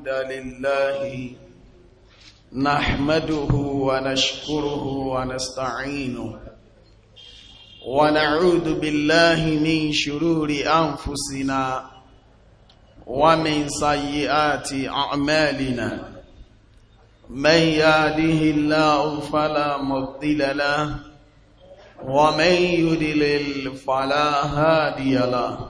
الحمد لله نحمده ونشكره ونستعينه ونعوذ بالله من شرور أنفسنا ومن سيئات أعمالنا من ياده الله فلا مضل له ومن يدلل فلا هادي له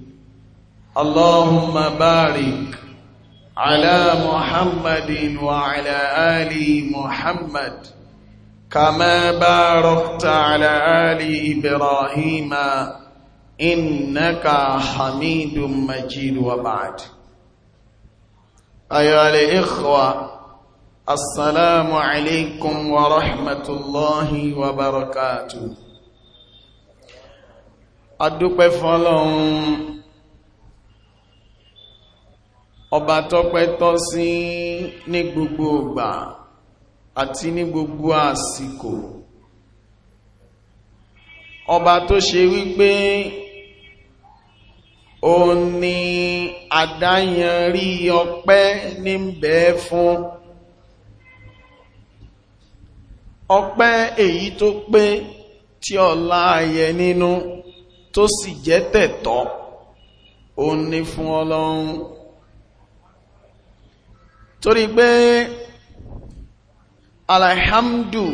اللهم بارك على محمد وعلى آل محمد كما باركت على آل إبراهيم إنك حميد مجيد وبعد أيها الإخوة السلام عليكم ورحمة الله وبركاته أدوك فلون ọba tọ́pẹ́ tọ́ sí ní gbogbo ìgbà àti ní gbogbo àsìkò ọba tó ṣe wípé ó ní àdáyanrí ọpẹ́ ní bẹ̀ fún ọpẹ́ èyí tó pé tí ọlá ayẹ nínú tó sì jẹ́ tẹ̀tọ́ ó ní fún ọlọ́run torí pé alhamdu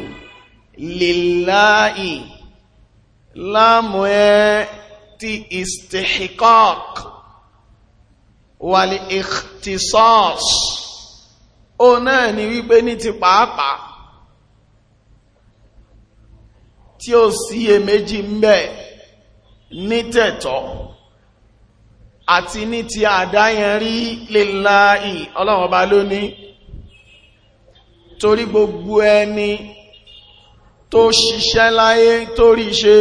lillahi láàmù ẹ ti istihikok wàlì ikhtisas ó náà ni wípé ní ti pàápàá tí ó síye méjì ń bẹ ní tẹ̀tọ́ àti ní ti àdáyẹnrí lillahi ọlọ́run ọba ló ní torí gbogbo ẹni tó ṣiṣẹ́ láyé torí ṣe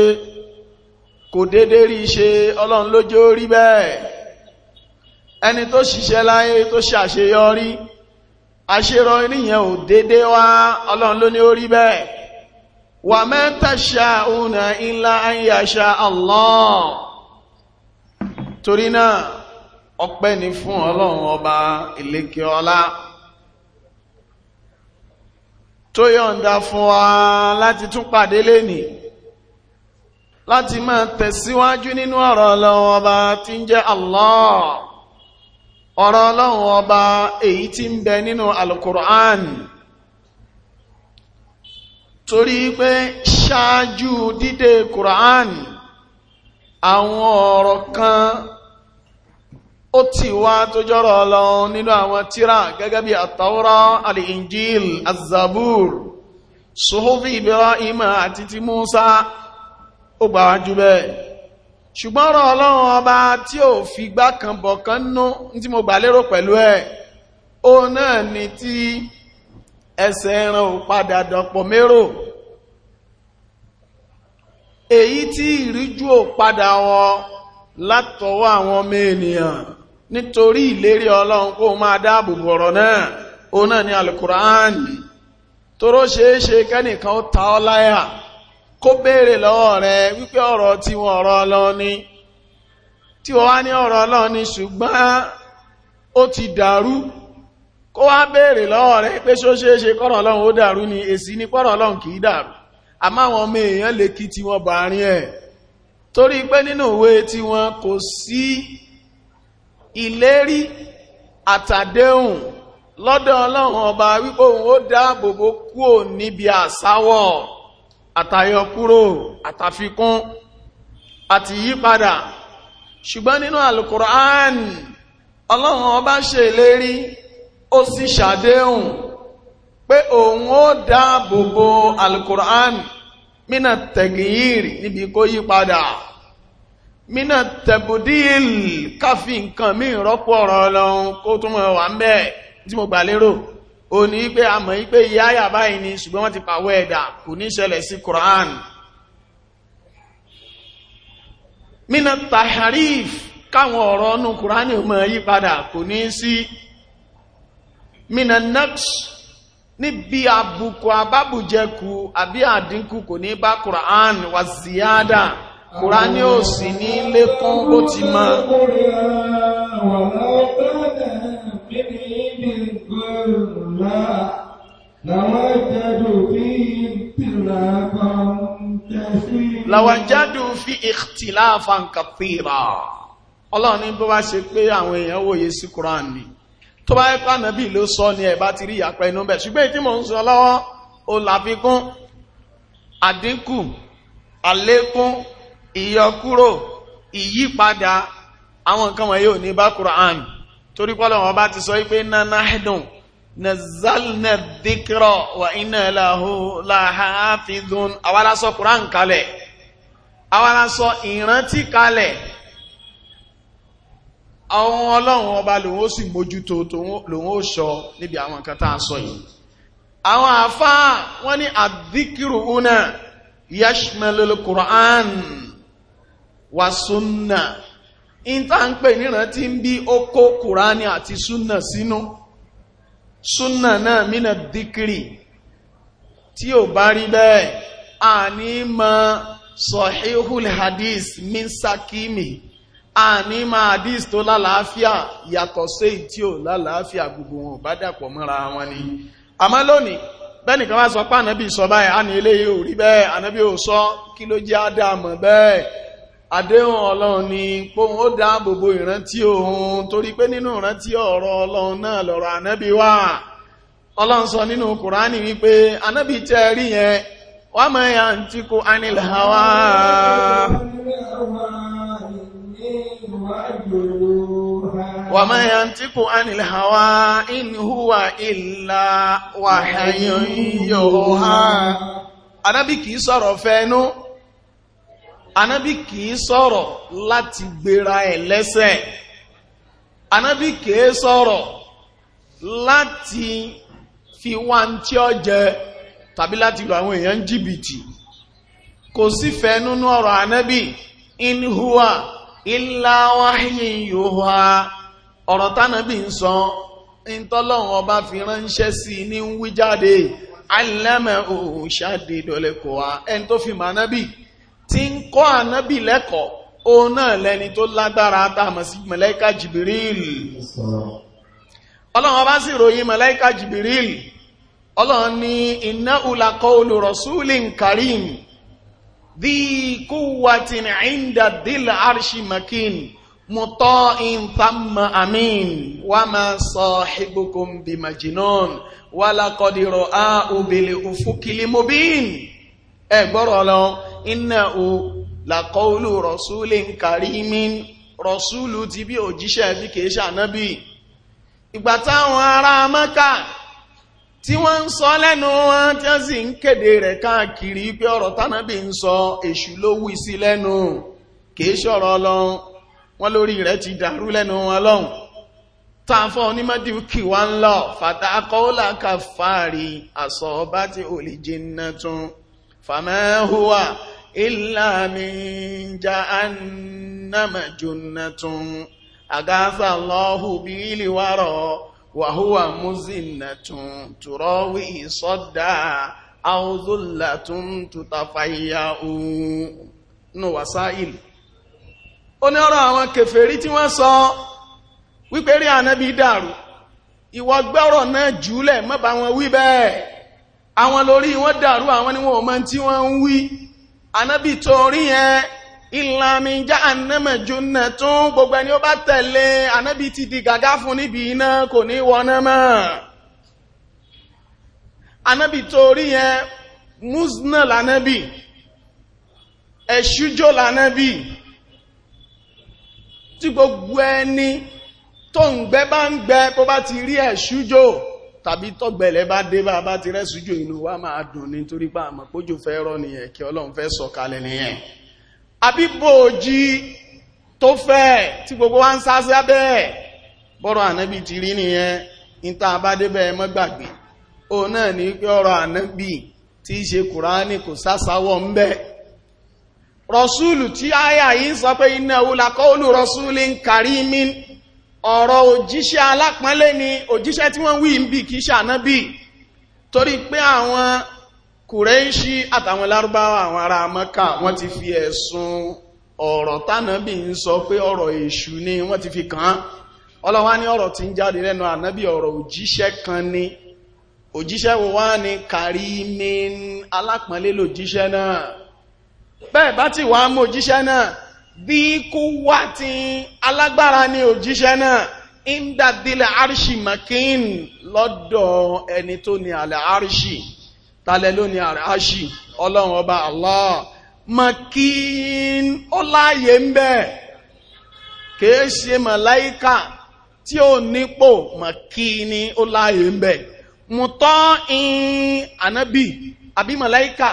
kò dédé rí ṣe ọlọ́run lójó rí bẹ́ẹ̀ ẹni tó ṣiṣẹ́ láyé tó ṣàṣeyọrí àṣerọ ènìyàn ò dédé wá ọlọ́run ló ó rí bẹ́ẹ̀ wà mẹ́tàṣà òun náà illa torí náà ọpẹ́ ni fún ọlọ́run ọba ìlékè ọlá tó yọ̀ǹda fún wa láti tún pàdé lénìí láti máa tẹ̀síwájú nínú ọ̀rọ̀ ọlọ́run ọba tí ń jẹ́ Allah ọ̀rọ̀ ọlọ́run ọba èyí tí ń bẹ nínú alukur'an torí pé ṣáájú dídé kur'an àwọn ọ̀rọ̀ kan ó ti wá tó jọ́rọ̀ ọlọ́run nínú àwọn tíra gẹ́gẹ́ bí àtàwọ́rá alìyìnjìl azabur suhufi Ibrahim àti ti Musa ó gbà wájú bẹ́ẹ̀ ṣùgbọ́n ọ̀rọ̀ ọlọ́run ọba tí ò fi gbá kan bọ̀ kan nú tí mo gbà lérò pẹ̀lú ẹ̀ ó náà ni tí ẹsẹ̀ ẹran ò padà dọ̀pọ̀ mérò èyí tí ìríjú ò padà wọ látọwọ́ àwọn ọmọ ènìyàn nítorí ìlérí ọlọ́run kó máa dáàbò bọ̀rọ̀ náà ó náà ní alukùránì tóró ṣeéṣe kẹ́nìkan ó ta ọ́ láyà kó béèrè lọ́wọ́ rẹ wípé ọ̀rọ̀ tí wọ́n ọ̀rọ̀ ọlọ́run ni tí wọ́n wá ní ọ̀rọ̀ ọlọ́run ni ṣùgbọ́n ó ti dàrú kó wá béèrè lọ́wọ́ rẹ pé ṣó ṣeéṣe kọ́rọ̀ ọlọ́run ó dàrú ni èsì ni kọ́rọ̀ ọlọ́run kì í dàrú àmọ́ àwọn ọmọ èèyàn lè kí tiwọn bàárín ẹ̀ torí pé nínú òwe tiwọn kò sí ìlérí àtàdéhùn lọ́dọ̀ ọlọ́run ọba wípé òun ó dáàbò bò kúò níbi àsáwọ̀ àtàyọkúrò àtàfikún àti yípadà ṣùgbọ́n nínú alukur'an ọlọ́run ọba ṣe ìlérí ó sì ṣàdéhùn pé òun ó dáàbò bò alukur'an mínà tẹ̀gìyìrì níbi kó yípadà mina tẹ̀bùdíl káfí nǹkan mí rọ́pò ọ̀rọ̀ ọlọ́run kó tún mọ̀ wà ń bẹ́ẹ̀ tí mo gbà lérò o ní pé a mọ̀ pé iye báyìí ni ṣùgbọ́n wọ́n ti pàwọ́ ẹ̀dà kò ní ṣẹlẹ̀ sí Quran mina taharif káwọn ọ̀rọ̀ ọ̀nù Quran ò mọ̀ yí padà kò ní sí mina naqsh níbi àbùkù àbábùjẹkù àbí àdínkù kò ní bá Quran wà ziyada. Mm -hmm kùránì ò sí ní lékún bó ti mọ́ làwàjádù fi ikhtilafan kathira ọlọ́run ní bó bá ṣe pé àwọn èèyàn wòye sí kùránì tó bá ẹ́pà nàbí ló sọ ní ẹ̀bá ti rí ìyàpẹ́ inú bẹ̀ ṣùgbẹ́ tí mò ń sọ lọ́wọ́ o làfikún àdínkù àlékún ìyọkúrò ìyípadà àwọn nǹkan wọ̀nyí ò ní bá Qur'an torí pọ́lọ̀ wọn bá ti sọ wípé nana hedun nazalna dhikra wa inna lahu lahafidhun àwa la sọ Qur'an kalẹ̀ àwa la sọ ìrántí kalẹ̀ àwọn ọlọ́run ọba lòun ó sì mójútó lòun ó sọ níbi àwọn nǹkan tá a sọ yìí àwọn àfáà wọ́n ní àdíkìrù una yashmalul Qur'an Wa sunna. ìta ń pè níran tí ń bí ó kó kùránì àti súnà sínú súnà náà mínà díkìrì tí ò bá rí bẹ́ẹ̀ a ní mọ sọ̀híhùl hadith min sakimi a ní mọ hadith tó lálàáfíà yàtọ̀ sí tí ò lálàáfíà gbogbo wọn bá dàpọ̀ mọ́ra wọn ni àmọ́ lónìí bẹ́nìkan wá sọ pé ànábì sọ báyìí a ní eléyìí ò rí bẹ́ẹ̀ ànábì ò sọ kí ló jẹ́ àdàmọ̀ bẹ́ẹ̀ àdéhùn ọlọ́run ni póhun ó dá gbogbo ìrántí ohun torí pé nínú ìrántí ọ̀rọ̀ ọlọ́run náà lọ̀rọ̀ ànábí wà ọlọ́run sọ nínú kùránì wípé ànábí tẹ́ rí yẹn wà má ya ń tí kò anil hawa wà mọ́ ya ń tí kò anil hawa in huwa illa wàhayọ̀ yóò ha ànábí í sọ̀rọ̀ fẹ́nu anábì kìí sọ̀rọ̀ láti gbéra ẹ̀ lẹ́sẹ̀ anábì kìí sọ̀rọ̀ láti fi wá ń tí ọ jẹ tàbí láti lọ àwọn èèyàn jìbìtì kò sífẹ̀ẹ́ nínú ọ̀rọ̀ anábì in huwa illa wahyin yuha ọ̀rọ̀ tánàbì ń sọ ìtọ́lọ́run ọba fi ránṣẹ́ sí ní wíjáde alẹ́mẹ̀ òṣàdédọ́lẹ́kọ̀ọ́ ẹni tó fi mọ̀ anábì tí ń kọ́ ànábì lẹ́kọ̀ọ́ òun náà lẹni tó lágbára tààmà sí màláíkà jìbìrìl ọlọ́run bá sì ròyìn màláíkà jìbìrìl ọlọ́run ní innahu laqawlu rasulin karim dhi quwwatin 'inda dhil arshi makin muta'in thamma amin wama sahibukum bimajnun wa laqad ra'ahu bil ufuqil mubin ẹ gbọ́rọ̀ lọ iná o làkọ́ọ̀lù rọ̀súlì ń kàrí mí rọ̀súlù ti bí òjíṣẹ́ bí kìí ṣànábì ìgbà táwọn ará Mẹ́kà tí wọ́n ń sọ lẹ́nu wọn tí wọ́n sì ń kéde rẹ̀ káàkiri pé ọ̀rọ̀ tánábì ń sọ èṣù ló wí sí lẹ́nu kìí ṣọ̀rọ̀ Ọlọ́run wọ́n lórí rẹ̀ ti dàrú lẹ́nu wọn lọ́hùn tàfọ́ onímọ̀dí kì wá ń lọ fàtàkọ́ọ́lá kàfàárì àsọ̀ọ́bá tí ò lè tún فما هو إلا من جهنم جنة أغاث الله به لورى وهو مزنة تراوي صدى أو ذلة تتفيأ نوسائل ó ní ọ̀rọ̀ àwọn kèfèrí tí wọ́n sọ wípé rí ànábì dàrú ìwọ gbọ́rọ̀ náà jùlẹ̀ má bá wọn wí bẹ́ẹ̀ àwọn lórí wọ́n dàrú àwọn ni wọ́n mọ̀ tí wọ́n ń wí anábì torí yẹn ìlàmì já ànámẹ̀ jóná tún gbogbo ẹni ó bá tẹ̀lé anábì ti di gàgá fún níbi iná kò ní wọná mọ́ anábì torí yẹn musna lànábì ẹ̀ṣújó lànábì tí gbogbo ẹni tó ń gbẹ bá ń gbẹ bó bá ti rí ẹ̀ṣújó tàbí tọ́gbẹ̀lẹ̀ bá dé bá bá ti rẹ́sùjú inú wa máa dùn nítorí pé àmọ́ pójò fẹ́ ni nìyẹn kí ọlọ́run fẹ́ sọ̀kalẹ̀ nìyẹn àbíbòòjì tó fẹ́ tí gbogbo wa ń sá sí abẹ́ bọ́rọ̀ ànábì ti rí nìyẹn níta àbádébẹ̀ mọ́ gbàgbé òun náà ní pé ọ̀rọ̀ ànábì tí í ṣe kùránì kò sásáwọ́ ń bẹ rọ̀súùlù tí áyà yìí sọ pé innahu laqawlu rasulin karimin ọ̀rọ̀ òjíṣẹ́ alápọ́nlé ni òjíṣẹ́ tí wọ́n wí ń bí kìí ṣànábì torí pé àwọn kùrẹ́ṣí àtàwọn lárúbáwà àwọn ará mọ́kà wọ́n ti fi ẹ̀sùn ọ̀rọ̀ tánàbì ń sọ pé ọ̀rọ̀ èṣù ni wọ́n ti fi kàn án ọlọ́wá ní ọ̀rọ̀ tí ń jáde lẹ́nu ànábì ọ̀rọ̀ òjíṣẹ́ kan ni òjíṣẹ́ wo wá ní kàrímín lòjíṣẹ́ náà bẹ́ẹ̀ bá ti wàá mú òjíṣẹ́ náà bí kó wá tí alágbára ní òjíṣẹ́ náà indadilẹ̀ arṣì makin lọ́dọ̀ ẹni tó ní alẹ̀ arṣì talẹ̀ ló ní ọlọ́run ọba Allah makin ó láàyè ń bẹ̀ kìí ṣe màláíkà tí ó nípò makini ó láàyè ń bẹ̀ mùtọ́ in ànábì àbí màláíkà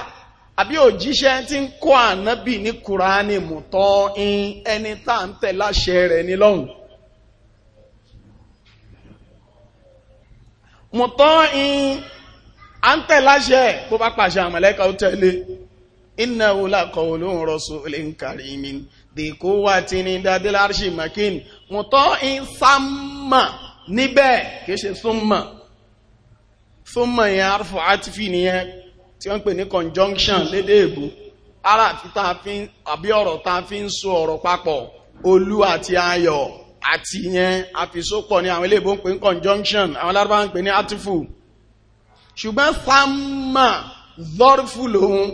àbí òjíṣẹ́ tí ń kọ́ ànábì ní kùránì mùtọ́ in ẹni tá ń tẹ̀ láṣẹ rẹ̀ ní lọ́hùn mùtọ́ in à ń tẹ̀ láṣẹ bó bá pàṣẹ àmọ̀lẹ́kà ó tẹ̀lé iná olákọ̀ olóhùn rọ̀sùn olè ń kàrí mi dèkó wà tí ní dadélárṣì makin mùtọ́ in sámà níbẹ̀ kìí ṣe súnmà súnmà yẹn arúfọ̀ àtìfì nìyẹn tí wọ́n pè ní conjunction lédè èbó ara fi a fi àbí ọ̀rọ̀ tá a fi ń so ọ̀rọ̀ papọ̀ olú àti ayọ̀ àti yẹn àfisópọ̀ ni àwọn eléèbó ń pè ní conjunction àwọn lárúbá ń pè ní atifu ṣùgbọ́n sáàmà zọ́rfù lòun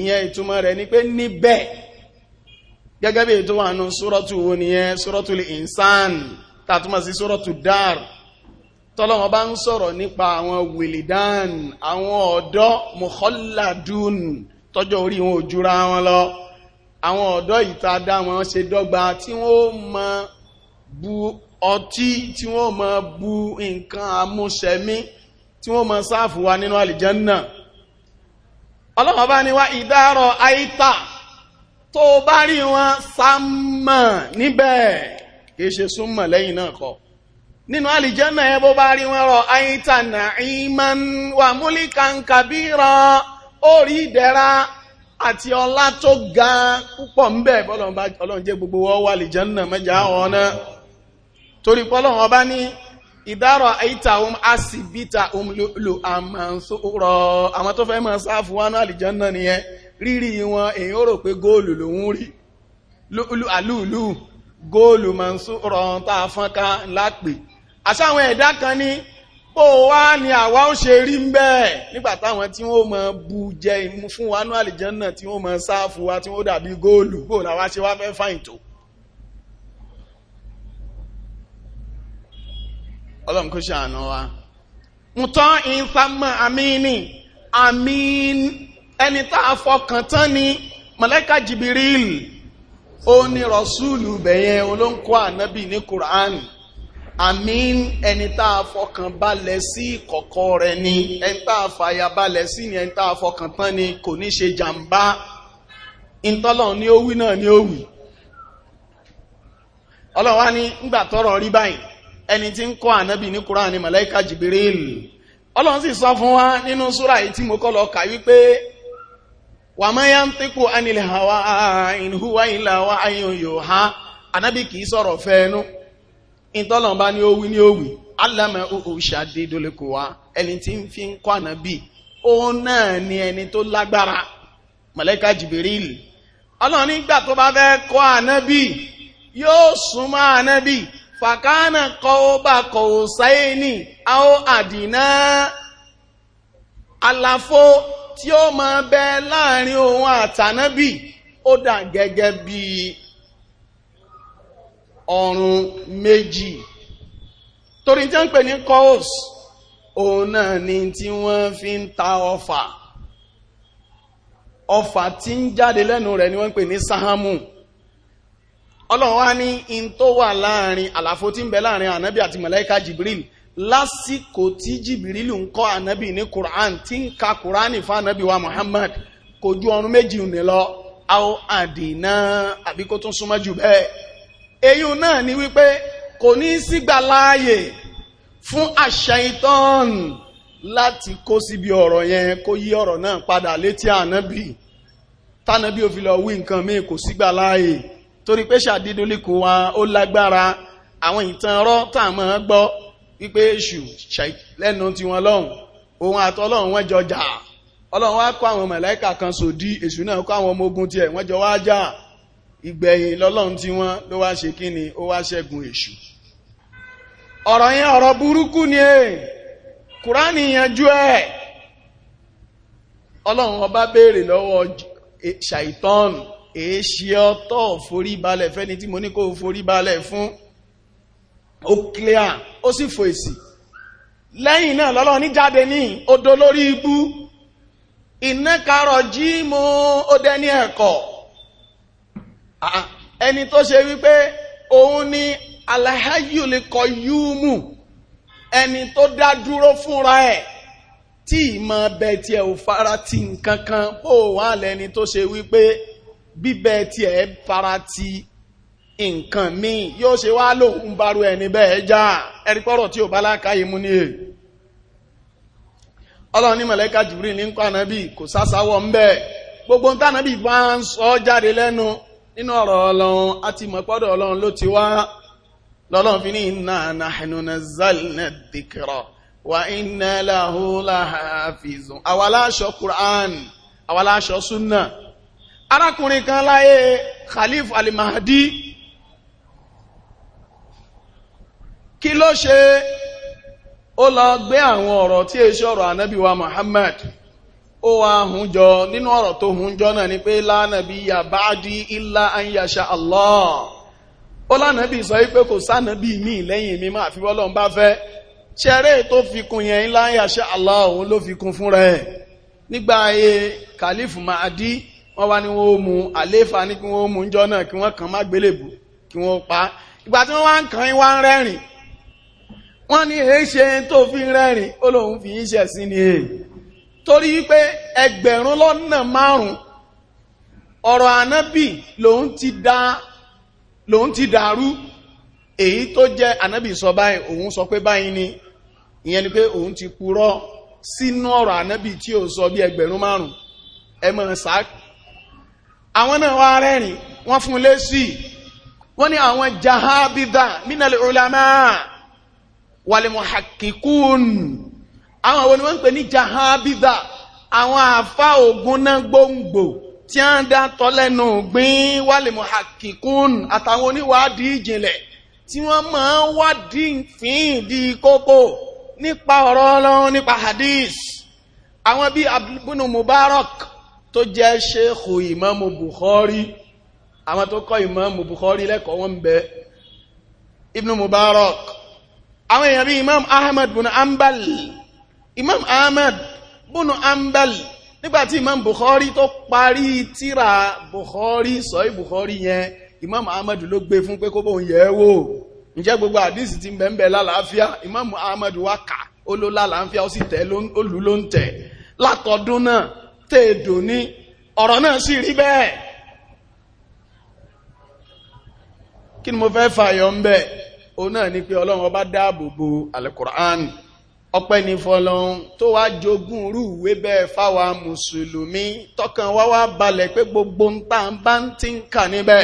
ìyẹn ìtumọ̀ rẹ̀ ni pé níbẹ̀ gẹ́gẹ́ bí ètò wà nù sórọ́tù wo nìyẹn sórọ́tù lè tàtúmọ̀ sí sórọ́tù dáàrù tọ́lọ́wọ́n bá ń sọ̀rọ̀ nípa àwọn wìlìdán àwọn ọ̀dọ́ mọ̀kọ́ládùn tọ́jọ́ orí wọn ò jura wọn lọ àwọn ọ̀dọ́ ìtadá wọn ṣe dọ́gba tí wọ́n mọ bu ọtí tí wọ́n mọ bu nǹkan amúṣẹmí tí wọ́n mọ sáàfù wa nínú àlìjánná ọlọ́wọ́n bá ní wá ìdárọ̀ àìtà tó bá rí wọn sámà níbẹ̀ kìí ṣe súnmọ̀ lẹ́yìn náà kọ́ nínú àlìjẹ́nà ẹ bó bá rí wọn rọ àyíntànà ìmọ̀n wà múlíkà kàbíràn ó rí ìdẹ̀ra àti ọlá tó ga púpọ̀ ń bẹ̀ bọ́lọ̀n jẹ́ gbogbo wọ́n wà àlìjẹ́nà mẹ́jà ọ̀nà torí pọ́lọ̀n ọba ní ìdárọ̀ àyíta ohun àsìbíta ohun lò àmàǹsọ̀rọ̀ àwọn tó fẹ́ mọ̀ sáfù wánú àlìjẹ́nà nìyẹn rírí wọn èyàn rò pé góòlù lòún rí lúlù àlúùlù fọ́nká lápè àṣàwọn ẹ̀dá kan ní bó wá ní àwa ó ṣe rí ń bẹ́ẹ̀ nígbà táwọn tí wọ́n mọ bu jẹ ìmú fún wa ní àlìjánná tí wọ́n mọ sáàfù wa tí wọ́n dàbí góòlù bó làwa ṣe wá fẹ́ fáìn tó ọlọ́run kó ṣàánú wa mùtọ́ ìfàmọ́ àmínì àmín ẹni tá a fọkàn tán ni mọ̀lẹ́kà jìbìrìl ó ní rọ̀ṣúùlù bẹ̀yẹn olóńkọ́ ànábì ní kùránì àmín ẹni tá a fọkàn balẹ̀ sí ìkọ̀kọ̀ rẹ̀ ni ẹni tá a fàyà balẹ̀ sí ni ẹni tá a fọkàn tán ni kò ní ṣe jàǹbá ìtọ́lọ̀ ni ó wí náà ni ó wí ọlọ́wà ni ńgbà tọ́rọ̀ rí báyìí ẹni tí ń kọ́ ànábì ní kúrán ní màláíkà Jibril ọlọ́run sì sọ fún wa nínú súrà yìí tí mo kọ́ lọ kà wípé wa ma yantiqu anil hawa in huwa illa wahyun yuha ànábì kìí sọ̀rọ̀ fẹ́ẹ́nu ìtọ́lọ̀mbá ní ó ní ó wí alámẹ́ wá ẹni tí ń fi ń kọ́ ànábì ó náà ni ẹni tó lágbára mọ̀lẹ́ka jìbìrìl ọlọ́run nígbà tó bá fẹ́ kọ́ ànábì yóò súnmọ́ ànábì fàkánà kọ́ bá kọ́ sáyẹ́nì áó àdínà àlàfo tí ó máa bẹ láàrin òun àtànábì ó dà gẹ́gẹ́ bíi ọrùn méjì torí tí wọ́n pè ní coals òun náà ni tí wọ́n fi ń ta ọfà ọfà tí ń jáde lẹ́nu rẹ̀ ni wọ́n pè ní sahamu ọlọ́run wá ní in tó wà láàrin àlàfo tí ń bẹ láàrin ànábì àti màláíkà jibril lásìkò tí jibril ń kọ́ ànábì ní quran tí ń ka quran fún ànábì wa muhammad kò ju ọrùn méjì ní lọ àwọn àdínà àbí tún súnmọ́ jù bẹ́ẹ̀ èyí náà ni wípé kò ní sígbà láàyè fún àṣàìtàn láti kó síbi ọ̀rọ̀ yẹn kó yí ọ̀rọ̀ náà padà létí ànábì tánábì ò fi lọ wí nǹkan míì kò sígbà láàyè torí pé ṣàdídúlíkù wa ó lágbára àwọn ìtàn ọ̀rọ̀ tá a máa gbọ́ wípé èṣù lẹ́nu tiwọn lọ́hùn òun àtọlọ́hùn wọn jọ jà ọlọ́run wá kó àwọn mọ̀lẹ́kà kan sòdí èṣù náà kó àwọn ọmọ ogun tiẹ̀ wọ́n jọ wá jà ìgbẹ̀yìn lọ́lọ́run tí wọ́n ló wá ṣe kí ni ó wá ṣẹ́gun èṣù ọ̀rọ̀ yẹn ọ̀rọ̀ burúkú ni è e. kùránì yanjú ẹ̀ ọlọ́run ọba béèrè lọ́wọ́ e, ṣàìtọ́n èéṣì ọtọ́ forí balẹ̀ fẹ́ni tí mo ní kó forí balẹ̀ fún ó clear ó sì fèsì lẹ́yìn náà lọ́lọ́run ní ní odò lórí ibú ìnákarọ̀ jí mo ó dẹ́ ní ẹ̀kọ́ Ah, ẹni tó ṣe wípé òun ni alahayu lè kọ yúùmù ẹni tó dá dúró fúnra ẹ̀ tí ìmọ̀ bẹ tiẹ̀ ò fara ti nǹkan kan bó wà lẹ́ni tó ṣe wípé bíbẹ tiẹ̀ fara ti nǹkan míì yóò ṣe wá lòun bárú ẹni bẹ́ẹ̀ já ẹ̀rí pọ́rọ̀ tí ò bá lákàyè mú ní èyí ọlọ́run ní mọ̀lẹ́ka jùbìrì ní ń ànábì kò sásáwọ́ ń bẹ́ẹ̀ gbogbo ń tànábì bá ń sọ jáde lẹ́nu nínú ọ̀rọ̀ ọlọ́run a ti mọ̀ pọ́dọ̀ ọlọ́run ló ti wá lọ́lọ́run fi ní inna nahnu nazzalna dhikra wa inna lahu lahafizun àwàláṣọ Qur'an àwàláṣọ súnà arákùnrin kan láyé Khalif al-Mahdi kí ló ṣe ó lọ gbé àwọn ọ̀rọ̀ tí èṣọ́ ọ̀rọ̀ ànábì Muhammad ó wá hun jọ nínú ọ̀rọ̀ tó hun jọ náà ni pé lánàbí ya ba'di illa an yasha Allah ó lánàbí sọ wípé kò sánàbí mi lẹ́yìn mi máa fi bọ́lọ́n bá fẹ́ ṣeré tó fi kún yẹn illa an yasha Allah òun ló fi kún fúnra ẹ̀ nígbà ayé kàlífù Mahdi wọ́n wá ní wọ́n mú àléfà ní kí wọ́n mú jọ náà kí wọ́n kàn má gbélébù kí wọ́n pa ìgbà tí wọ́n wá ń kàn yín wá ń rẹ́rìn wọ́n ní èé ṣe tó fi rẹ́rìn ó lóun fi ń ṣẹ̀ sí ni èè torí wípé ẹgbẹ̀rún lọ́nà márùn-ún ọ̀rọ̀ ànábì lòun ti dàrú èyí tó jẹ́ ànábì sọ báyìí òun sọ pé báyìí ni ìyẹn ni pé òun ti purọ́ sínú ọ̀rọ̀ ànábì tí ó sọ bí ẹgbẹ̀rún márùn-ún ẹ mọ̀ àwọn náà wá rẹ́rìn wọ́n fún wọ́n ní àwọn jahabida àwọn àwọn ni wọ́n ń pè ní jahabiza àwọn àfa ògùn náà gbòǹgbò tí a ń dá tọ́lẹ́nu gbìn wálé muhakikun àtàwọn oníwádìí ìjìnlẹ̀ tí wọ́n máa ń wádìí fín di kókó nípa ọ̀rọ̀ ọlọ́run nípa hadith àwọn bíi abdulbunu mubarak tó jẹ́ ṣéèkù ìmáàmù bukhari àwọn tó kọ́ ìmáàmù bukhari lẹ́kọ̀ọ́ wọn bẹ ibnu mubarak àwọn èèyàn bíi imam ahmed bin ambal imam ahmed bùnú ambel nígbàtí imam bukhari tó parí tíra bukhari sọ́yí bukhari yẹn imam ahmed ló gbé fún pé kó bóun yẹ̀ wò ǹjẹ́ gbogbo àdísì ti bẹ̀m̀bẹ̀ lálàáfíà imam ahmed wá kà ó ló lálàáfíà ó sì tẹ̀ olú ló ń tẹ̀ látọdún náà tèèdò ní ọ̀rọ̀ náà sì rí bẹ́ẹ̀ kí ni mo fẹ́ fàyọ ń bẹ̀ òun náà ni pé ọlọ́run ọba dáàbò bo alukur'an ọpẹ́ ní fọlọ́run tó wá jogún irú ìwé bẹ́ẹ̀ fáwa mùsùlùmí tọkàn wá wá balẹ̀ pé gbogbo ń tà ń bá ń ti ń kà níbẹ̀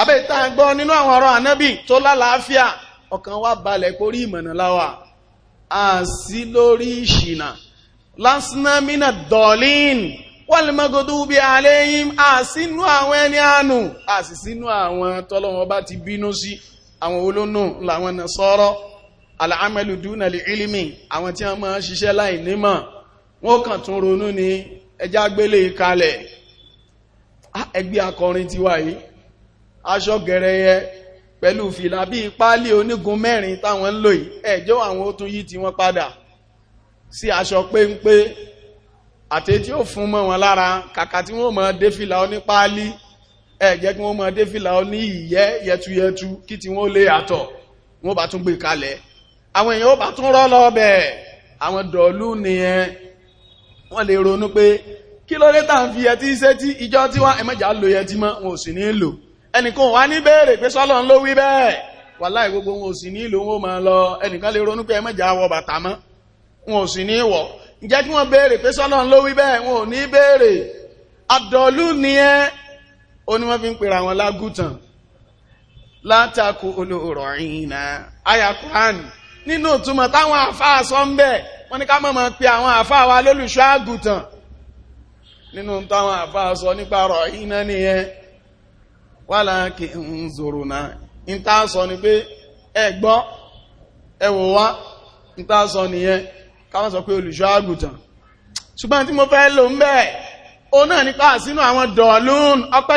abẹ́ tá a gbọ́ nínú àwọn ọ̀rọ̀ ànábì tó lálàáfíà ọkàn wá balẹ̀ pórí ìmọ̀nà láwà á sí lórí ìṣìnà lásìnàmínà dọ̀lín wọ́n lè mọ́gòdó bí aléyìn á sínú àwọn ẹni àánú á sì sínú àwọn tọ́lọ́wọ́n bá ti bínú sí àwọn olónù làwọn náà sọ̀rọ̀ alàmẹ́lùdú nàlì ilimi àwọn tí wọ́n máa ṣiṣẹ́ láì nímọ̀ wọ́n kàn tún ronú ní ẹjá gbélé kalẹ̀ ẹgbẹ́ akọrin ti wà yìí aṣọ gẹ̀rẹ̀yẹ pẹ̀lú fìlà bí páálí onígun mẹ́rin táwọn ń lò yìí ẹjọ́ àwọn ó tún yí tí wọ́n padà sí aṣọ péńpé àti tí ó fún mọ́ wọn lára kàkà tí wọ́n máa dé fìlà oní páálí ẹ̀jẹ́ kí wọ́n máa dé fìlà oní ìyẹ́ yẹtuyẹtu kí tí wọ́n lè yàtọ̀ wọ́n bá tún gbé kalẹ̀ àwọn èèyàn ó bá tún rọ́ lọ bẹ̀ àwọn dọ̀ọ̀lú nìyẹn wọ́n lè ronú pé kí ló fi ẹtí iṣẹ́ tí ìjọ tí wọ́n mọ́ wọn ò sì ní lò ẹnìkan wá ní béèrè pé sọ́lọ́n ló wí bẹ́ẹ̀ gbogbo wọn ò sì ní lò wọn máa lọ ẹnìkan lè ronú pé ẹmọ́jà wọ bàtà mọ́ wọn ò sì ní wọ̀ ǹjẹ́ kí wọ́n béèrè pé sọ́lọ́n ló wọn ò ní nínú ìtumọ̀ táwọn àfáà sọ ń bẹ̀ wọ́n ní ká pé àwọn àfáà wa lólùṣọ́ àgùtàn nínú táwọn àfáà sọ nípa ọ̀rọ̀ iná nìyẹn wà láàkì ń zòrò náà sọ ni pé ẹ gbọ́ ẹ wò wá sọ nìyẹn káwọn sọ pé olùṣọ́ ṣùgbọ́n tí mo fẹ́ lò ń bẹ̀ òun náà nípa sínú àwọn ọpẹ́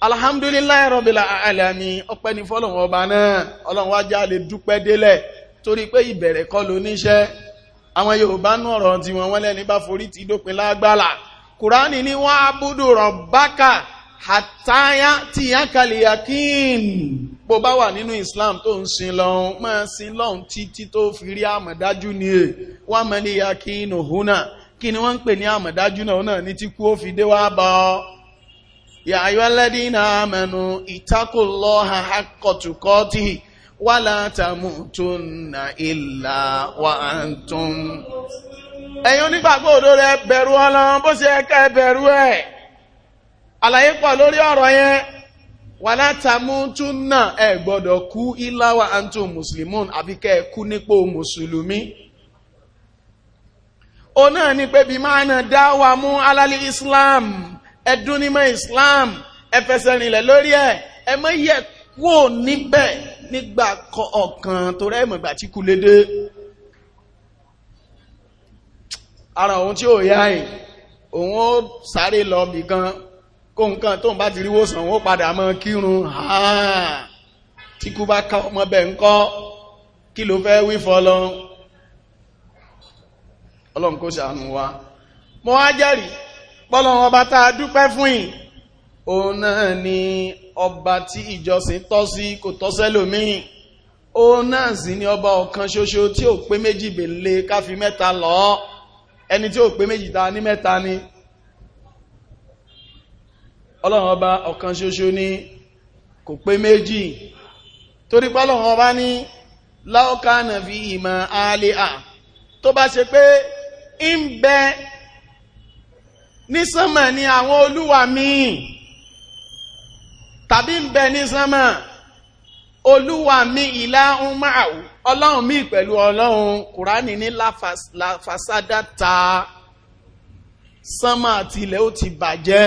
alhamdulillahi rabbil alamin ọpẹ́ ni fọ́lọ̀wọ̀n ọba náà ọlọ́run wá já lè dúpẹ́ délẹ̀ torí pé ìbẹ̀rẹ̀ kọ́ ló níṣẹ́ àwọn yorùbá nú ọ̀rọ̀ tí wọ́n wọ́n lẹ́ni bá forí ti dópin lágbàlá kùránì ní wọ́n abúdù rabbaka hàtáyá tí yá kalẹ̀ yakin bó bá wà nínú islam tó ń sin lọ́hun máa sin lọ́hun títí tó fi rí àmọ̀dájú ni è e. wọ́n mọ̀ ní yakin òhun náà kí ni wọ́n ń pè ní àmọ̀dájú náà ní tí kú ó fi dé wá bá ọ يا أيها الذين آمنوا اتقوا الله حق تقاته ولا تموتن إلا وأنتم ẹ̀yin onígbàgbọ́ òdodo ẹ bẹ̀rù Ọlọ́run bó ṣe ká ẹ ẹ̀ àlàyé pọ̀ lórí ọ̀rọ̀ yẹn ku tamutunna ẹ gbọ́dọ̀ kú illa wa àbí kẹ́ kú nípò mùsùlùmí Ọ náà ni pé bí máa ẹdún nímọ̀ Islam ẹ fẹsẹ̀ rinlẹ̀ lórí ẹ̀ ẹ mọ̀ yẹ kúò níbẹ̀ nígbà ọ̀kan tó rẹ́ ìmọ̀gbà tí kú lédè ara òun tí ó yá ì òun ó sáré lọ bì kan kó nǹkan tó ń bá ti ríwòsàn ó padà mọ́ kírun tí kú bá ká ọmọ bẹ̀ ń kọ́ kí ló fẹ́ wí fọ́lọ́n ọlọ́run kó ṣàánú wa mo wá jẹ́rìí pọ́lọ́run ọba tá dúpẹ́ fún yìí òun náà ni ọba tí ìjọsìn tọ́ sí kò tọ́ sẹ́lòmíì òun náà sì ni ọba ọ̀kan ṣoṣo tí ò pé méjì bèlè káfí mẹ́ta lọ ẹni tí ò pé méjì ta ní mẹ́ta ni ọlọ́run ọba ọ̀kan ṣoṣo ni kò pé méjì torí pọ́lọ́run ọba ní láọ́kánà fi ìmọ̀ àálẹ́ à tó bá ṣe pé ń bẹ ní sánmà ni àwọn olúwa míì tàbí ń bẹ ní sánmà olúwa mi ìlà ń máa ọlọ́run míì pẹ̀lú ọlọ́run kùránì ní láfàsádà ta sánmà àti ilẹ̀ ó ti bàjẹ́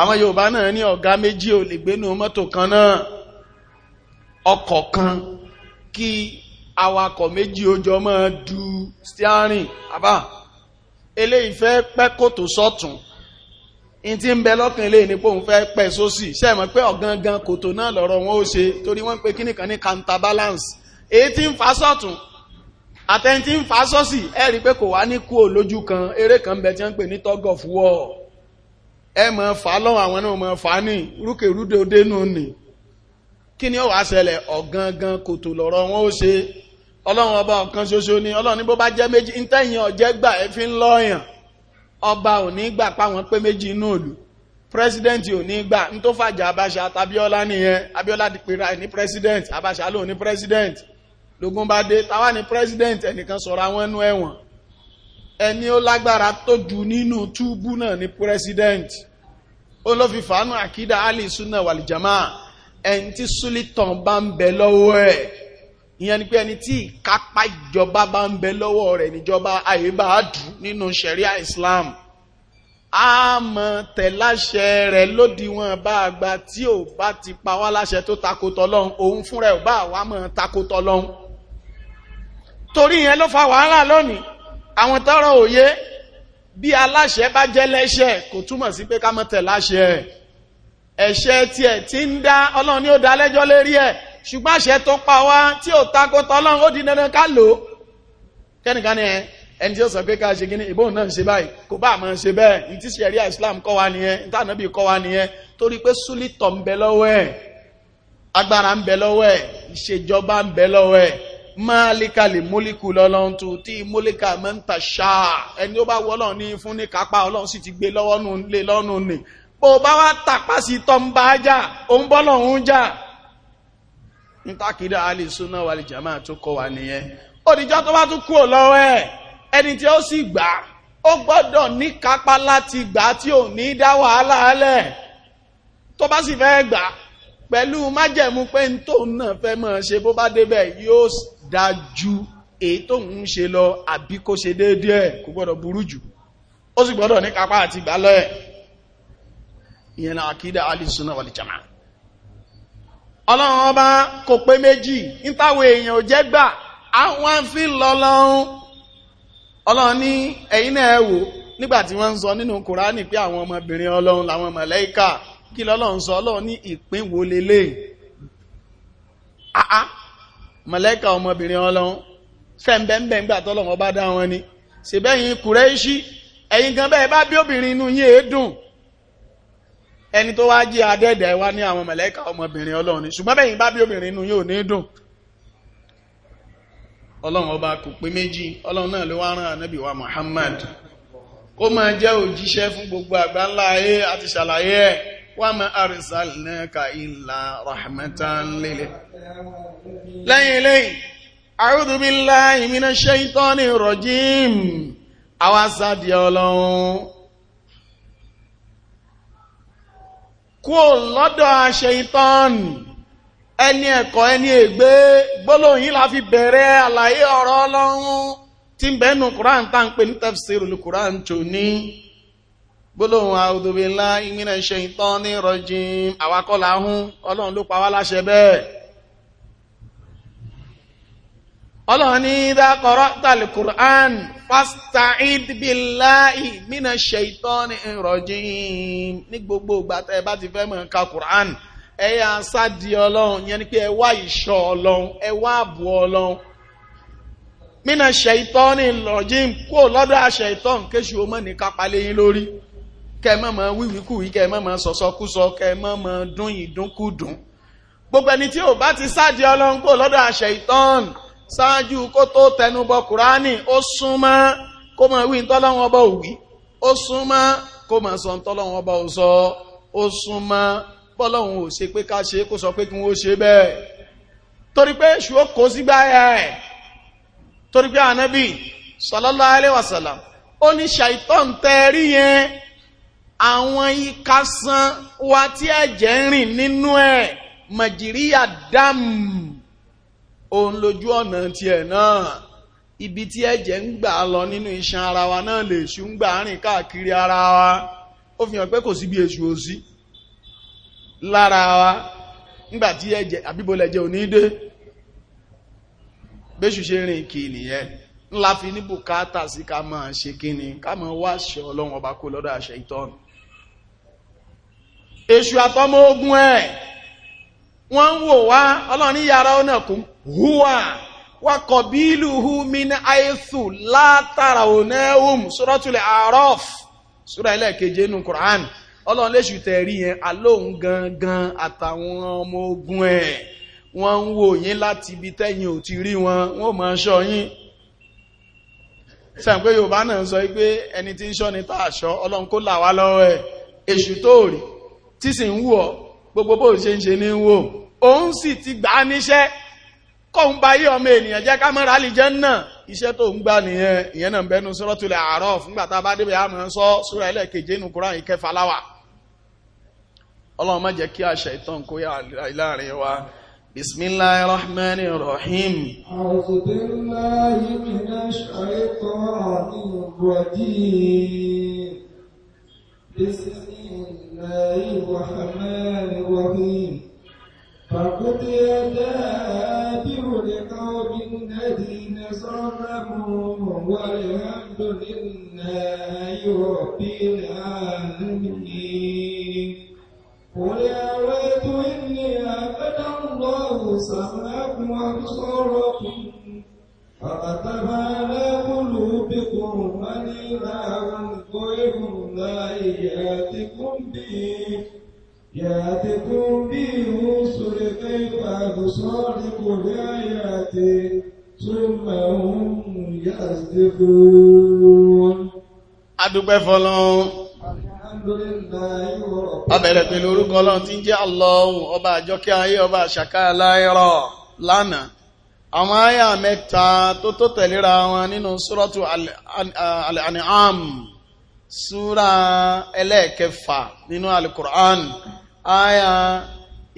àwọn yorùbá náà ní ọ̀gá méjì ò lè gbénu mọ́tò kan náà ọkọ̀ kan kí awakọ̀ méjì ó jọ máa du stiarin àbá eléyìí fẹ́ pẹ́ kòtò sọ́tún in ti ń bẹ lọ́kàn eléyìí ni pé òun fẹ́ pẹ́ sósì sẹ́mọ̀ pé ọ̀gangan kòtò náà lọ́rọ̀ wọn ó ṣe torí wọ́n ń pe kíníkan ní counterbalance èyí tí ń fa sọ́tún àtẹni tí ń fa sọ́sì ẹ rí pé kò wá ní kú lójú kan eré kan bẹ tí wọ́n ń pè ní tug of war ẹ mọ̀ fà lọ́wọ́ àwọn náà mọ̀ fà ní rúkèrúdò dénú ni kí ó wàá ṣẹlẹ̀ ọ̀gangan kòtò lọ́rọ̀ wọn ó ṣe ọlọ́run ọba ọ̀kan ṣoṣo ni ọlọ́run ní bó bá jẹ́ méjì ń tẹ̀yìn ọ̀jẹ́ gbà ẹ fi ń lọ́ọ̀yàn ọba ò ní gbà páwọn pé méjì inú òlù pírẹsidẹ́ǹtì ò ní gbà ní tó fàjà Abacha àtàbíọ́lá nìyẹn Abíọ́lá dìpera ẹ̀ ní pírẹsidẹ́ǹtì Abacha ló ní pírẹsidẹ́ǹtì lógún bá dé táwa ní pírẹsidẹ́ǹtì ẹnìkan sọ̀rọ̀ àwọn ẹnu ẹ̀wọ̀n ẹni ó lágbára tó nínú túbú náà ní pírẹsidẹ́ǹtì ó ló fi fàánù àkídà alì sunna wàlìjàmá ẹni tí súlítàn bá ń bẹ lọ́wọ́ ẹ̀ ìyẹn ni pé ẹni tí ìkápá ìjọba bá ń bẹ lọ́wọ́ rẹ̀ níjọba àyèbá àdùn nínú ṣẹ̀ríà Islam a mọ̀ tẹ̀láṣẹ rẹ̀ lódiwọ̀n bá a gba tí ò bá ti pa wá láṣẹ tó takotọ lọ́hun òun fún rẹ̀ ò bá wá mọ̀ takotọ lọ́hun torí yẹn ló fa wàhálà lónìí àwọn tọrọ òye bí aláṣẹ bá jẹ́ lẹ́ṣẹ̀ kò túmọ̀ sí pé ká mọ̀ tẹ̀láṣẹ ẹ̀ ẹ̀ṣẹ̀ tiẹ̀ ti ń dá ọlọ́run ni ó dá lẹ́jọ́ lérí ẹ̀ ṣùgbọ́n àṣẹ tó pa wá tí ò takọtọ ọlọ́run ó di dandan ká lò ó kẹ́nìkan ni ẹ ẹni tí ó sọ pé ká ṣe gíní ìbóhùn náà ṣe báyìí kò bá àmọ́ ṣe bẹ́ẹ̀ ìtí ṣẹ̀ríà Islam kọ́ wa nìyẹn ìtànàbí kọ́ wa nìyẹn torí pé súlítọ̀ ń bẹ lọ́wọ́ ẹ̀ agbára ń bẹ lọ́wọ́ ẹ̀ ìṣèjọba ń bẹ lọ́wọ́ ẹ̀ máàlíkà lè múlíkù lọ́lọ́run tó tí múlíkà máa ń tàṣà ẹni ó bá wọ ọlọ́run ní fún ní kápá ọlọ́run sì ti gbé lọ́wọ́ nù lé lọ́rùn nì bó bá wá tàpá sí tọ́ ń bá jà òun bọ́lọ́run jà ń tákìdá alìsúná wà lè jàmá tó kọ wà nìyẹn òdìjọ́ tó bá tún kúrò lọ́wọ́ ẹ̀ ẹni tí ó sì gbà ó gbọ́dọ̀ ní kápá láti gbà tí ò ní dá wàhálà alẹ̀ tó bá sì fẹ́ gbà pẹ̀lú májẹ̀mú pé ń tó náà fẹ́ máa ṣe bó bá débẹ̀ yóò dájú èyí tó ń ṣe lọ àbí kó ṣe déédéé kò gbọ́dọ̀ burú jù ó sì gbọ́dọ̀ ní kápá àti gbà lọ́ẹ̀ ìyẹn náà àkídà alìsúná wà lè jàmá ọlọ́run ọba kò pé méjì nítawọ̀ èèyàn ò jẹ́ gbà àwọn fi lọ́lọ́run ọlọ́run ní ẹ̀yin náà ẹ wò nígbà tí wọ́n ń sọ nínú kùránì pé àwọn ọmọbìnrin ọlọ́run làwọn mọ̀lẹ́kà kí lọ́lọ́run sọ ọlọ́run ní ìpín wo lélẹ̀ àá mọ̀lẹ́kà ọmọbìnrin ọlọ́run fẹ́ǹbẹ́ǹbẹ́ ńgbà tọ́lọ́run ọba dá wọn ni ṣèbẹ́yìn kùrẹ́ṣí ẹ̀yin gan bẹ́ẹ̀ bá bí obìnrin inú yín èédùn ẹni tó wá jí adẹ́dẹ̀ wá ní àwọn mẹ̀lẹ́kà ọmọbìnrin ọlọ́run ni ṣùgbọ́n bẹ́yìn bá bí obìnrin inú yóò ní dùn ọlọ́run ọba kò pé méjì ọlọ́run náà ló wá rán ànábì wa Muhammad kó máa jẹ́ òjíṣẹ́ fún gbogbo àgbáńlá ayé àti ṣàlàyé ẹ̀ wa ma arsalnaka illa rahmatan lil lẹ́yìn lẹ́yìn a'udhu billahi minash shaitani rajim àwa sáà di kúò lọ́dọ̀ aṣẹ́ìtọ́nù ẹni ẹ̀kọ́ ẹni ègbé gbólóhùn yìí la fi bẹ̀rẹ̀ àlàyé ọ̀rọ̀ ọlọ́run tí ń bẹ́nu kùrán tá ń pè ní tafsirul kùrán tò ní gbólóhùn àwùdóbi ńlá ìmìnà ṣe ìtọ́ ní rọjìn àwakọ́lá ọlọ́run ló pa wá láṣẹ bẹ́ẹ̀ ọlọ́run ní idha qara'tal Qur'an fasta'id billahi minash shaitani rajim ní gbogbo ìgbà tẹ́ ẹ bá ti fẹ́ mọ̀ ká Qur'an ẹ yà sáàdì ọlọ́run yẹn ni pé ẹ wá ìṣọ́ ọlọ́run ẹ wá àbò ọlọ́run minash shaitani rajim kó lọ́dọ̀ aṣaitan kéṣù ọmọ ní kápá léyìn lórí kẹ mọ́ mọ́ wíwíkúwí kẹ mọ́ mọ́ sọ̀sọ́kúsọ kẹ mọ́ mọ́ dún ìdúnkúdùn gbogbo ẹni tí ò bá ti sáàdì ọlọ́run kó lọ́dọ̀ aṣaitan ṣáájú kó tó tẹnubọ kùránì ó súnmọ́ kó mọ̀ wí ntọ́lọ́wọ́n ọba òwí ó súnmọ́ kó mọ̀ sọ ntọ́lọ́wọ́n ọba òsọ ó súnmọ́ bọ́lọ́hun ò ṣe pé ká ṣe kó sọ pé kí wọ́n ṣe bẹ́ẹ̀ torí pé èṣù ó kó sígbà ẹ̀ torí pé ànábì sallallahu alaihi wasallam ó ní ṣàìtàn tẹ́ rí yẹn àwọn ìkásán wa tí ẹ̀jẹ̀ ń rìn nínú ẹ̀ màjìríyà dáàmù òun lójú ọ̀nà tiẹ̀ náà ibi tí ẹ̀jẹ̀ ń gbà lọ nínú iṣan ara wa náà lè ṣú ń gbà rìn káàkiri ara wa ó fi hàn pé kò sí bí èṣù ò sí lára wa nígbà tí ẹ̀jẹ̀ àbíbolẹ̀jẹ̀ ò ní dé béṣù ṣe rìn kì nìyẹn ńlá fi ní bùkátà sí ká máa ṣe kíni ká máa wá ṣe ọlọ́run ọba kó lọ́dọ̀ àṣẹ ìtọ́nù èṣù àtọmọ ogun ẹ̀ wọ́n ń wò wá ọlọ́run ní yàrá ọ̀nà kún hùwà wakọ̀ bílù hùmínà àìsù látara onẹ́hùm sọ́rọ́tulẹ̀ àrọ́f sura ẹlẹ́ẹ̀keje nínú Qur'an ọlọ́run léṣù tẹ̀rí yẹn alóhun gangan àtàwọn ọmọ ogun ẹ̀ wọ́n ń wò yín láti ibi tẹ́yìn ò ti rí wọn wọ́n máa ṣọ́ yín sẹ́yìn pé yorùbá náà sọ pé ẹni tí ń ṣọ́ ni tá àṣọ ọlọ́run kó là wá lọ́wọ́ ẹ̀ èṣù tó rí tí sì ń wù ọ́ gbogbo bó ṣe ń ṣe ní wò òun sì ti gbà á níṣẹ́ kóun bá yí ọmọ ènìyàn jẹ́ ká mọ́ra lè náà iṣẹ́ tó ń gbà nìyẹn ìyẹn náà ń bẹnu Suratul A'raf fúngbà tá a bá débẹ̀ àmọ́ sọ súra ẹlẹ́ẹ̀keje inú Kùrán yìí kẹfà láwà ọlọ́run má jẹ́ kí àṣà ìtàn kó yà láàrin wa bismillahi rahmani rahim. a'udhu billahi minash shaitanir rajim. bismillahi. الله الرحمن الرحيم فقد يتابع لقوم الذين صرفوا والحمد لله رب العالمين قل يا ويت اني ابدا الله سمعكم وابصاركم فَكَتَبَ عَلَى قُلُوبِكُمْ أَنِّهَاهُ غَيْرُ اللَّهِ يَأْتِكُمْ بِهِ يأتكم برسل كيف تصادق بآياته ثم هم يصدقون adúpẹ́ fọ́lọ́n abẹ̀rẹ̀ pẹ̀lú orúkọ ọlọ́run tí ń jẹ́ Allahu ọba àjọkẹ́ ayé ọba àṣàkáyà láìrọ̀ lánàá àwọn àyà mẹ́ta tó tó tẹ̀léra wọn nínú súrọ́tù al-an'am súra ẹlẹ́ẹ̀kẹfà nínú al-Qur'an àyà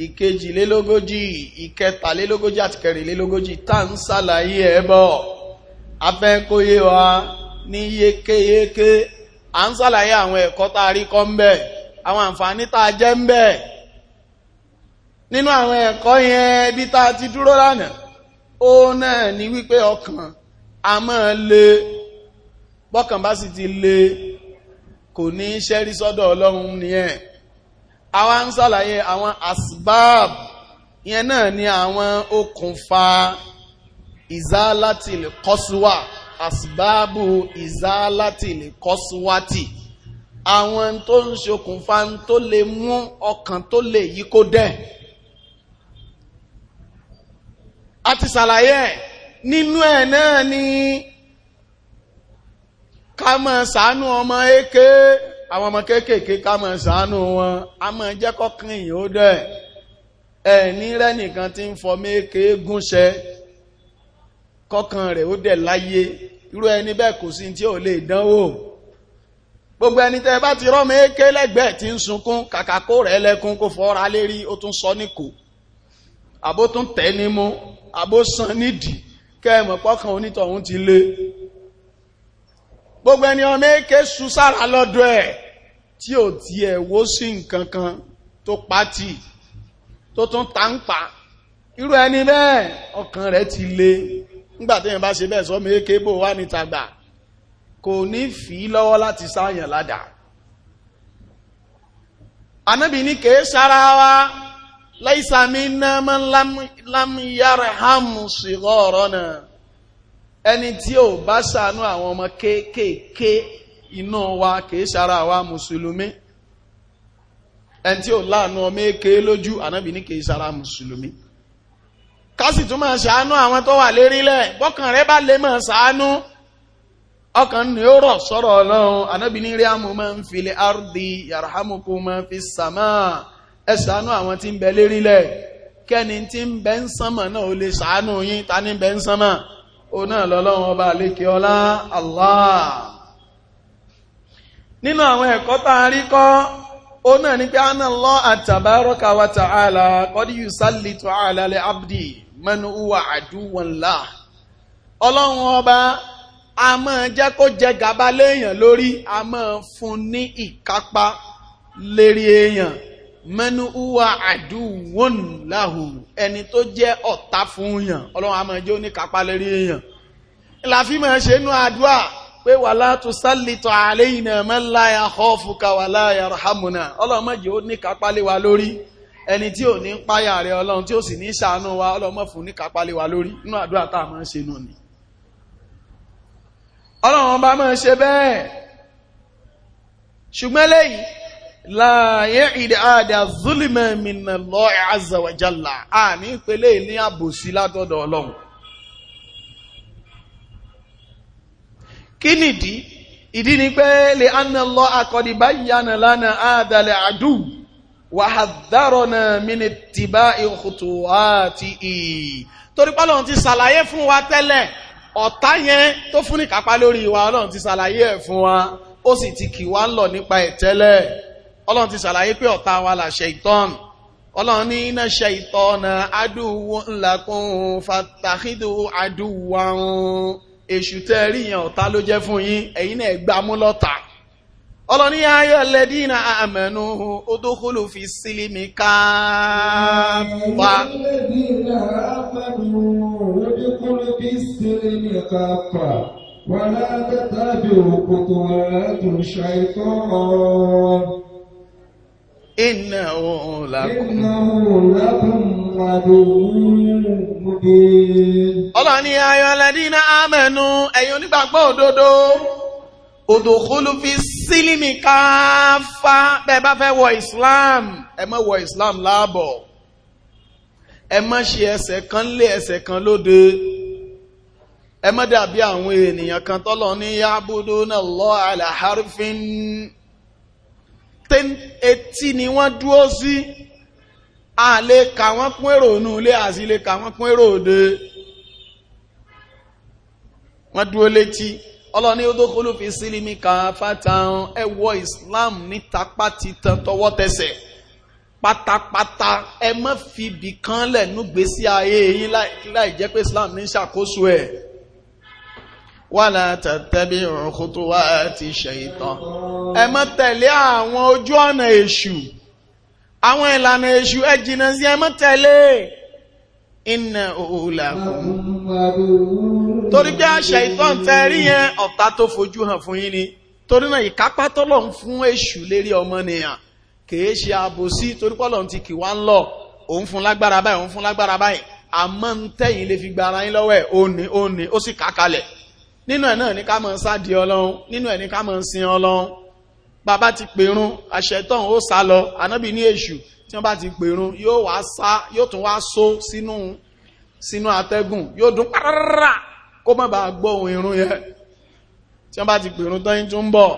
ìkejìlélógójì ìkẹtàlélógójì àti kẹrìnlélógójì tá ń ṣàlàyé ẹbọ abẹ́kóyé wa ní yékéyéké à ń ṣàlàyé àwọn ẹ̀kọ́ tá a rí kọ́ ń bẹ̀ àwọn àǹfààní tá jẹ́ ń bẹ̀ nínú àwọn ẹ̀kọ́ yẹn bí tá ti dúró lánàá ó náà ni wípé ọkàn a máa le bọ́kàn bá sì ti le kò ní iṣẹ́ rí sọ́dọ̀ ọlọ́run nìyẹn àwa ń ṣàlàyé àwọn asbab ìyẹn náà ni àwọn okùnfà ìzálátìlì kọ́sùwà asbábù ìzálátìlì kọ́sùwàtì àwọn tó ń ṣokùnfà tó lè mú ọkàn tó lè yí kó dẹ̀ a ti ṣàlàyé ẹ̀ nínú ẹ̀ náà ni ká máa ṣàánú ọmọ eke àwọn ọmọ kéékèèké ká máa ṣàánú wọn a máa jẹ́ kọ́kàn yìí ó dẹ̀ ẹ̀ ní rẹ́nìkan tí ń fọ méèké gúnṣẹ́ kọ́kàn rẹ̀ ó dẹ̀ láyé irú ẹni bẹ́ẹ̀ kò sí tí ò lè dánwò gbogbo ẹni tẹ́ bá ti rọ́mọ eke lẹ́gbẹ̀ẹ́ tí ń sunkún kàkà kó rẹ̀ lẹ́kún kó fọ́ra lérí ó tún sọ níkòó àbó tún tẹ́ ní mú àbó san nídìí kẹ́ẹ̀mọ̀ pọ́kàn onítọ̀hún ti lé gbogbo ẹni ọmọ èké su sára lọ́dọ̀ ẹ̀ tí ò tiẹ̀ wó sí nǹkan kan tó pátì tó tún ta ń pa irú ẹni bẹ́ẹ̀ ọkàn rẹ̀ ti lé nígbà téèyàn bá ṣe bẹ́ẹ̀ sọ́mọ èké bò wá níta gbà kò ní fi lọ́wọ́ láti sáyàn ládàá anábì ní kèé sára wa laisa minna man lam yarham sigharana ẹni tí ò bá ṣàánú àwọn ọmọ kéékèèké inú wa kìí ṣara wa mùsùlùmí ẹni tí ò láàánú ọmọ èké lójú ànábì ní kìí ṣara mùsùlùmí kásì tún máa ṣàánú àwọn tó wà rẹ bá lè máa ṣàánú ọkàn ó ànábì ní rí àmú máa ń ardi máa fi sàmáà ẹ ṣàánú àwọn tí ń bẹ lérílẹ̀ kẹ́ni tí ń bẹ ń sánmà náà ó lè ṣàánú yín ta ní bẹ ń sánmà ó náà lọ́lọ́run ọba àlékè ọlá Allah nínú àwọn ẹ̀kọ́ tá a rí kọ́ ó náà ní pé ana Allah tabaraka wa ta'ala qad yusallitu ala li abdi man huwa aduwwan ọlọ́run ọba a máa jẹ́ kó jẹ gàba léèyàn lórí a máa fún ní ìkápá lérí èèyàn mẹ́nu uwa àdúwọ̀n láhù ẹni tó jẹ́ ọ̀tá fún yàn ọlọ́run a máa jẹ́ oníkápá lérí èèyàn ìlàfí máa ṣe inú àdúà pé wà látò sálìtọ̀ àléyìnà mẹ́láyà họ́fùkà wà láyà rahamuna ọlọ́run má jẹ́ oníkápá lé wa lórí ẹni tí ò ní páyà rẹ̀ ọlọ́run tí ó sì ní ṣàánú wa ọlọ́run má fún wa lórí inú àdúà tá a máa ṣe nù ni ọlọ́run ọba máa ṣe bẹ́ẹ̀ ṣùgbọ́n lẹ́yìn la yẹ́ìdì àdà zulima minna Allahi azza wa jalla a ní ìpele ní àbòsí látọ̀dọ̀ ọlọ́run kí nìdí ìdí ni pé lè anna Allaha qad bayyana lana àdàlẹ̀ àdù wa haddarana min ittiba'i khutuwatihi torí pé ti ṣàlàyé fún wa tẹ́lẹ̀ ọ̀tá yẹn tó fún ní kápá lórí wa ọlọ́run ti ṣàlàyé ẹ̀ fún wa ó sì ti kì wá lọ nípa ẹ̀ tẹ́lẹ̀ ọlọ́run ti ṣàlàyé pé ọ̀tá wa là ṣẹ̀tọ́n ọlọ́run ní iná ṣẹ̀tọ́n adúwò ńlákùn fàtàkìdù adúwàrún èṣù tẹ́ rí yẹn ọ̀tá ló jẹ́ fún yín ẹ̀yin náà gbámú lọ́ta ọlọ́ni ayọ́ lẹ́dínà àmẹ́nu odókòlò fi sílímì káàpá wọ́n lágbẹ́ta bí òkòtò rẹ̀ tó ṣàìtọ́ ọ̀rọ̀ إنه لكم إنه لكم عدو مبين Ọlọ́run ní ayọ̀ الذين آمنوا ẹ̀yin onígbàgbọ́ òdodo òdòkúlù fi sílímì káfá bẹ́ẹ̀ bá fẹ́ wọ Islam ẹ má wọ Islam láàbọ̀ ẹ má ṣe ẹsẹ̀ kan lé ẹsẹ̀ kan lóde ẹ má dàbí àwọn ènìyàn kan tọ́lọ ní ya'buduna Allah ala harfin ten ni wọ́n dúró sí a lè kà wọ́n kún èrò inú ilé a sì lè kà wọ́n kún èrò òde wọ́n dúró létí ọlọ́ni ó dókòlù fi sílímì kan fátan ẹ Islam níta pátitan tọwọ́ tẹsẹ̀ pátápátá ẹ má fi ibì kan lẹ̀ nú gbèsè ayé yín láì jẹ́ pé Islam ní ṣàkóso ẹ̀ wàlá tàtẹ́bí òkútó wá ti ṣèyítàn. ẹ má tẹ̀lé àwọn ojú ọ̀nà èṣù àwọn ìlànà èṣù ẹ jìnnà sí ẹ má tẹ̀lé iná òòlà kùn. torí pé ṣèyítàn tẹ rí yẹn ọ̀tá tó fojú hàn fún yín ni torí náà ìkápá tọ́lọ̀ ń fún èṣù lérí ọmọnìyàn kìí ṣe àbòsí torí pọ́lọ̀ ti kì wá ń lọ òun fún lágbára báyìí òun fún lágbára báyìí àmọ́ ń tẹ̀yìn lè fi gba yín lọ́wọ́ ẹ̀ ó ní ó sì kà nínú ẹ̀ náà ní ká máa sáàdì ọlọ́run nínú ẹ̀ ní ká máa sin ọlọ́run bàbá ti pèrún àṣẹtàn ó sá lọ ànábì ní èṣù tí wọ́n bá ti pèrún yóò wá sá yóò tún wá só sínú sínú atẹ́gùn yóò dún pàràrà kó má bàa gbọ́ ohun irun yẹn tí wọ́n bá ti pèrún tán tún bọ̀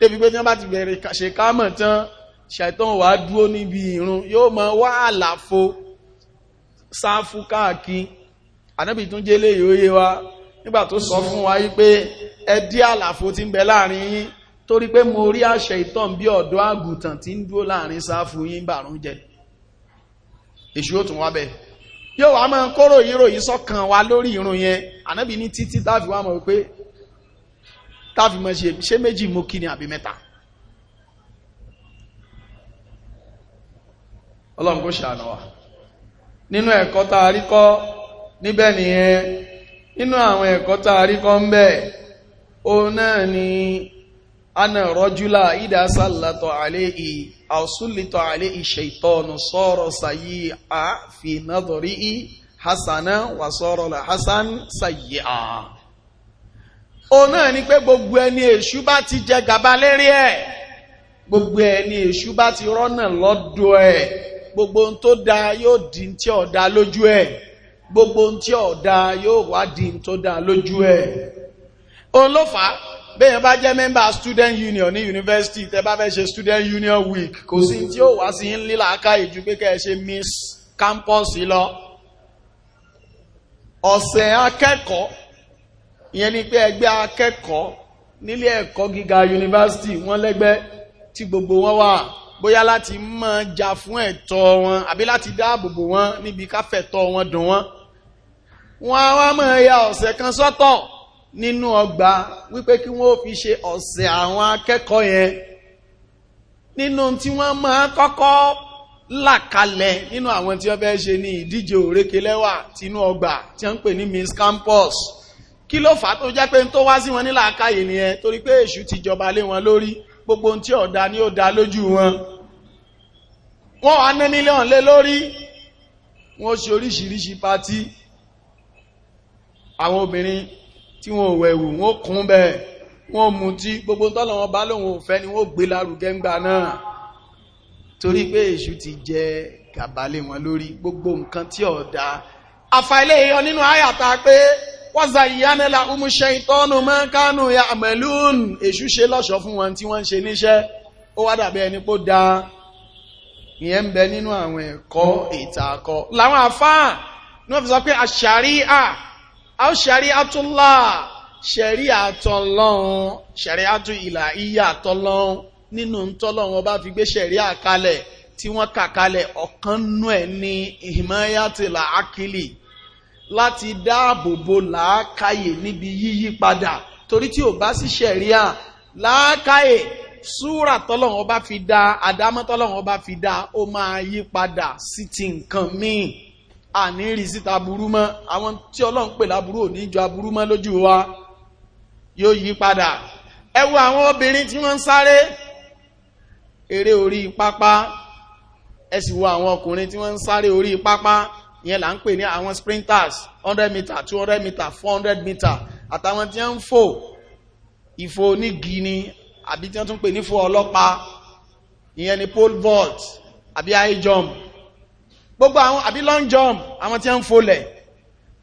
débi pé tí wọ́n bá ti bẹ̀rẹ̀ ṣe kámọ̀ tán ṣàìtàn wà dúró níbi irun yóò mọ wá àlàfo sáfù káàkiri ànábì tún jẹ́ léyìí ó yé wa nígbà tó sọ fún wa wípé ẹ dí àlàfo tí ń bẹ láàrin yín torí pé mo rí àṣẹ ìtàn bí ọ̀dọ́ àgùntàn tí ń dúró láàrin sáfù yín bàrún jẹ èṣù ó tún wá bẹ yóò wá máa ń kóró ìró yìí sọ́kàn wa lórí irun yẹn ànábì ní títí táfi wá mọ̀ pé táfi mọ̀ ṣe ṣé méjì mo kí ni àbí mẹ́ta ọlọ́run kò ṣàánú wa nínú ẹ̀kọ́ tá a rí kọ́ níbẹ̀ nìyẹn inú àwọn ẹ̀kọ́ tààrí kan ń bẹ o náà ni ana rọ́júlá ìdásálàtọ̀ àléì àṣúlìtọ̀ àléì ṣètọ́nù sọ́rọ̀ sàyí a fi nádọ̀rí i hasana wà sọ́rọ̀ la hasan sàyí a o náà ni pé gbogbo ẹni èṣù bá ti jẹ gàba lérí ẹ̀ gbogbo ẹni èṣù bá ti rọ́nà lọ́dọ̀ ẹ̀ gbogbo ohun tó dáa yóò di tí ọ̀dá lójú ẹ̀ gbogbo tí ọ̀dá yóò wádìí tó dá lójú ẹ̀ òun ló bá jẹ́ mẹ́mbà student union ní university tẹ́ bá fẹ́ ṣe student union week kò sí tí ó wá sí ń lílà káyè ju pé kẹ́ẹ̀ ṣe miss campus lọ ọ̀sẹ̀ akẹ́kọ̀ọ́ ìyẹn ni pé ẹgbẹ́ akẹ́kọ̀ọ́ nílé ẹ̀kọ́ gíga university wọ́n lẹ́gbẹ́ tí gbogbo wọn wà bóyá láti máa jà fún ẹ̀tọ́ wọn àbí láti dáàbòbò wọn níbi káfẹ̀tọ́ wọn dùn wọn wọ́n á wá máa ya ọ̀sẹ̀ kan sọ́tọ̀ nínú ọgbà wípé kí wọ́n fi ṣe ọ̀sẹ̀ àwọn akẹ́kọ̀ọ́ yẹn nínú tí wọ́n máa kọ́kọ́ là kalẹ̀ nínú àwọn tí wọ́n fẹ́ ṣe ní ìdíje òrékelẹ́wà tinú ọgbà tí wọ́n ń pè ní Miss Campus kí ló fà á tó jẹ́ pé ń tó wá sí wọn nílà káyè nìyẹn torí pé èṣù ti jọba lé wọn lórí gbogbo ohun tí ọ̀dà ni ó dá lójú wọn wọ́n wá ná mílíọ̀n lé lórí wọ́n ṣe oríṣiríṣi pátí àwọn obìnrin tí wọn ò wẹ̀wù wọn ò kún bẹ́ẹ̀ wọn mú tí gbogbo tọ́lọ̀ wọn bá lóun ò fẹ́ ni wọn ò gbé lárugẹ ńgbà náà torí pé èṣù ti jẹ gàbálẹ̀ wọn lórí gbogbo nǹkan tí ò dáa àfàìlẹ̀ yọ nínú àyàtà pé wọ́n za ìyánilá umúṣẹ́ ìtọ́nù mọ́kánù ya àmẹ́lún èṣù ṣe lọ́ṣọ́ fún wọn tí wọ́n ń ṣe níṣẹ́ ó wá dàbí ẹni pó dáa ìyẹn ń bẹ nínú àwọn ẹ̀kọ́ ìtàkọ́ làwọn àfáà ní wọ́n fi sọ pé àṣàrí aw shari'atullah ṣẹ̀ríà tọ́lọ́run ṣẹ̀ríà tún ìlà iyà tọ́lọ́run nínú tọ́lọ́run ọba fi gbé ṣẹ̀ríà kalẹ̀ tí wọ́n kà kalẹ̀ ọ̀kan nú ẹ̀ ní ìmọ̀yàtìlà akílì láti dáàbòbò làákàyè níbi yíyí padà torí tí ò bá sí ṣẹ̀ríà làákàyè súrà tọ́lọ́run ọba fi dá àdámọ́ tọ́lọ́run ọba fi dá ó máa yí padà sí ti nǹkan míì àní rí síta burú mọ́ àwọn tí ọlọ́run pè láburú ò ní jọ aburú mọ́ lójú wa yóò yí padà ẹ wo àwọn obìnrin tí wọ́n ń sáré eré orí pápá ẹ sì wo àwọn ọkùnrin tí wọ́n ń sáré orí pápá ìyẹn là ń pè ní àwọn sprinters hundred meter two hundred meter four hundred meter àtàwọn tí wọ́n ń fò ìfò onígi ni àbí tí wọ́n tún pè ní fò ọlọ́pàá ìyẹn ni pole vault àbí high jump gbogbo àwọn àbí long jump àwọn tí ó ń folẹ̀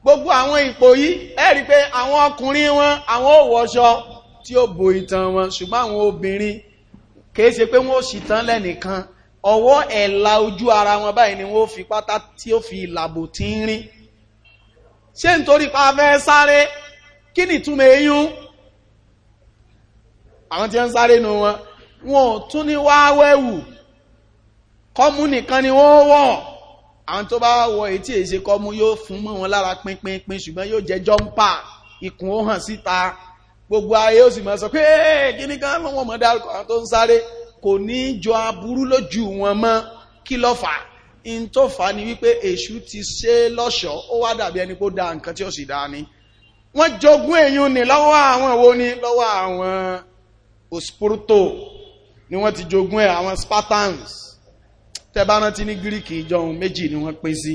gbogbo àwọn ipò yìí ẹ rí pé àwọn ọkùnrin wọn àwọn ò wọṣọ tí ó bo ìtàn wọn ṣùgbọ́n àwọn obìnrin kìí ṣe pé wọ́n ò sì tán lẹ́nìkan ọwọ́ ẹ̀la ojú ara wọn báyìí ni wọ́n fi pátá tí ó fi ìlàbò tí ń rí ṣé nítorí pa fẹ́ sáré kí ni túmọ̀ eyín àwọn tí ó ń sáré nu wọn wọn ò tún ní wá wẹ́wù nìkan ni wọ́n wọ̀ àwọn tó bá wọ etí èsè kọ́mú yóò fún mọ́ wọn lára pínpín ṣùgbọ́n yóò jẹ́ jọ́mpà ikùn ó hàn síta gbogbo ayé ó sì máa sọ pé kíní kan wọ́n mọ̀ dárúkọ àwọn tó ń sáré kò ní jọ aburú lójú wọn mọ́ kí ló fà in tó fà ni wípé èṣù ti ṣe lọ́ṣọ̀ọ́ ó wá dàbí ẹni pé ó da nǹkan tí ó sì dáa ni wọ́n jogún èyún ni lọ́wọ́ àwọn wo ni lọ́wọ́ àwọn osporto ni wọ́n ti jogún ẹ̀ àwọn spartans tẹ́bá rántí ní gíríkì ìjọun méjì ni wọ́n pín sí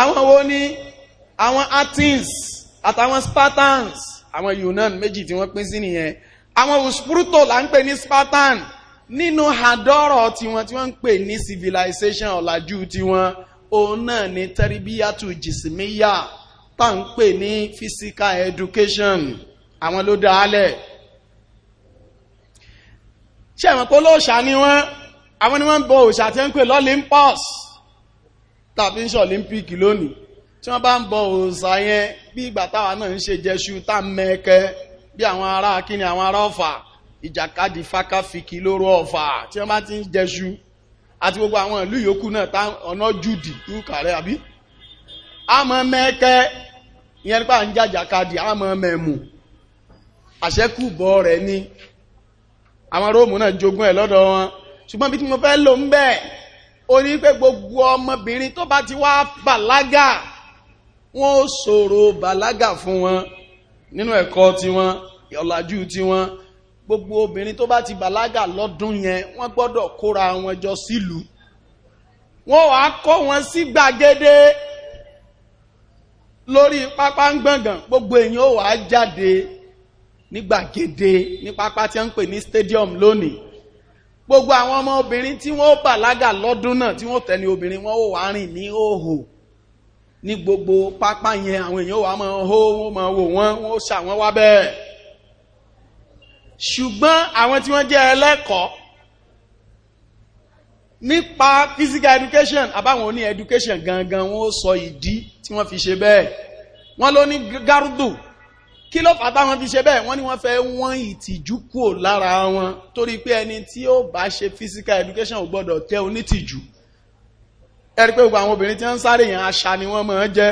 àwọn wo ni àwọn Athens àtàwọn Spartans àwọn Yunan méjì tí wọ́n pín sí nìyẹn àwọn Uspuruto là ń pè ní Spartan nínú hadọ́rọ̀ tiwọn tí wọ́n ń pè ní civilization ọ̀làjú tiwọn òun náà ni tẹ́rìbíyàtù jìsìmíyà tá ń pè ní physical education àwọn ló dá álẹ̀ ṣé ẹ̀mọ̀ pé olóòṣà ni wọ́n àwọn ni wọ́n ń bọ òòṣà tí wọ́n ń pè l'Olympus tàbí ń ṣe olympic lónìí tí wọ́n bá ń bọ òòṣà yẹn bí ìgbà táwa náà ń ṣe jẹ́ṣu tá mẹ́kẹ́ bí àwọn ará kíni àwọn ará ọ̀fà ìjàkadì fákáfìkì lóró ọ̀fà tí wọ́n bá ti ń jẹ́ṣu àti gbogbo àwọn ìlú yòókù náà tá ọ̀nà jùdì lùkàrẹ́ àbí àmọ́ mẹ́kẹ́ ìyẹn nípa ń jàjàkadì àmọ́ mẹ́mù àṣẹ́kù bọ́ rẹ̀ ni àwọn róòmù náà jogún ẹ̀ lọ́dọ̀ wọn ṣùgbọ́n bí tí mo fẹ́ lò ń bẹ̀ ó ní pé gbogbo ọmọbìnrin tó bá ti wá bàlágà wọn ó sọ̀rọ̀ bàlágà fún wọn nínú ẹ̀kọ́ tiwọn ọ̀làjú tiwọn gbogbo obìnrin tó bá ti bàlágà lọ́dún yẹn wọ́n gbọ́dọ̀ kóra wọn jọ sílùú wọ́n wá kọ́ wọn sí gbàgede lórí pápá gbọ̀ngàn gbogbo èèyàn ó wá jáde ní gbàgede ní pápá tí wọ́n ń pè ní stadium lónìí gbogbo àwọn ọmọ obìnrin tí wọ́n bàlágà lọ́dún náà tí wọ́n tẹ̀lé obìnrin wọn ó wà rìn ní òhò ní gbogbo pápá yẹn àwọn èèyàn wà máa hó wọ́n máa wò wọ́n wọ́n ṣàwọn wá bẹ́ẹ̀ ṣùgbọ́n àwọn tí wọ́n jẹ́ ẹlẹ́kọ̀ọ́ nípa physical education àbáwọn oní education gangan wọ́n ó sọ ìdí tí wọ́n fi ṣe bẹ́ẹ̀ wọ́n ló ní gárúdù kí ló fà táwọn fi ṣe bẹ́ẹ̀ wọ́n ní wọ́n fẹ́ wọ́n ìtìjú kúrò lára wọn torí pé ẹni tí ó bá ṣe physical education ò gbọ́dọ̀ tẹ́ onítìjú ẹ̀rí pé gbogbo àwọn obìnrin tí wọ́n ń sáré yẹn aṣa ni wọ́n máa ń jẹ́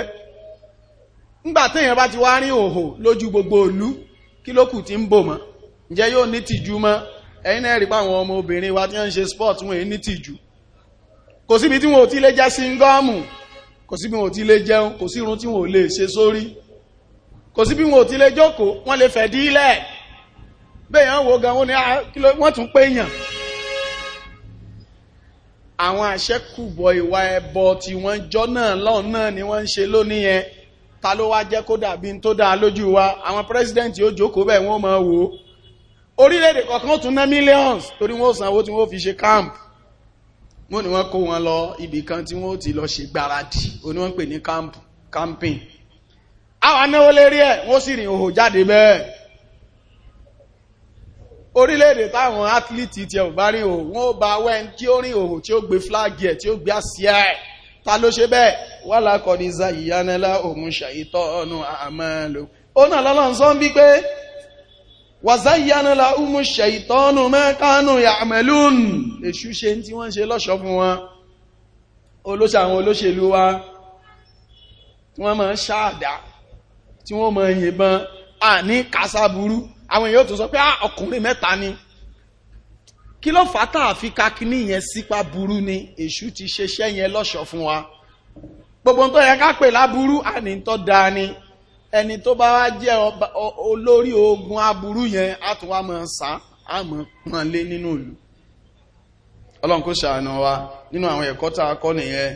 ńgbà téèyàn bá ti wá rí òhò lójú gbogbo ìlú kí ló kù tí ń bò mọ́ ǹjẹ́ yóò nítìjú mọ́ ẹ̀yin náà rí pé àwọn ọmọ obìnrin wa tí wọ́n ń ṣe sport wọn èyí nítìjú kò síbi tí wọn ò ti lè jẹ́ síngọ́ọ̀mù kò síbi wọn ò ti lè jẹun kò sí irun tí wọn ò lè ṣe sórí kò sí bí wọn ò ti lè jókòó wọ́n lè fẹ̀ dílẹ̀ bẹ́yàn wo gan wọ́n ni ah, wọ́n tún pé yàn àwọn àṣẹ́kùbọ̀ ìwà ẹbọ tí wọ́n jọ náà lọ́n náà ni wọ́n ń ṣe lónìí yẹn ta ló wá jẹ́ kó dàbí tó dáa lójú wa àwọn pírẹsidẹ́ǹtì ó jókòó bẹ́ẹ̀ wọ́n máa wò ó orílẹ̀-èdè tún ná millions torí wọ́n sanwó tí wọ́n fi ṣe camp wọ́n ni wọ́n kó wọn lọ ibì kan tí wọ́n ti lọ ṣe gbáradì oníwọ̀n pè ní camp camping àwọn náwó lérí ẹ̀ wọ́n sì rìn òhò jáde bẹ́ẹ̀ orílẹ̀-èdè táwọn athlete tí ẹ̀ ò bá rìn òhò wọ́n bá wẹ́n tí ó rìn òhò tí ó gbé flag ẹ̀ tí ó gbé àsíá ẹ̀ ta ló ṣe bẹ́ẹ̀ wà lákọ̀ọ́dí za ìyánilá òun ṣàyítọ́ ọ̀nà àmàlò ó náà lọ́lọ́n sọ ń bí pé wà za ìyánilá òun ṣàyítọ́ ọ̀nà mẹ́kánù àmàlùn èṣù ṣe tí wọ́n ṣe lọ́ṣọ́ fún wọn olóṣèlú wa wọ́n máa ń ṣáàdá tí wọ́n mọ yìnbọn à ní kásáburú àwọn èèyàn tó sọ pé ọkùnrin mẹ́ta ni kí ló fà tá àfi kakíní yẹn sípa burú ni èṣù ti ṣeṣẹ́ yẹn lọ́ṣọ̀ọ́ fún wa gbogbo tó yẹ ká pè láburú àní tó dáa ni ẹni tó bá wá jẹ́ olórí ogun aburú yẹn á tún wá mọ̀ sá á mọ̀ pọ́nlé nínú ìlú ọlọ́run kó ṣàánú wa nínú àwọn ẹ̀kọ́ tá a kọ́ nìyẹn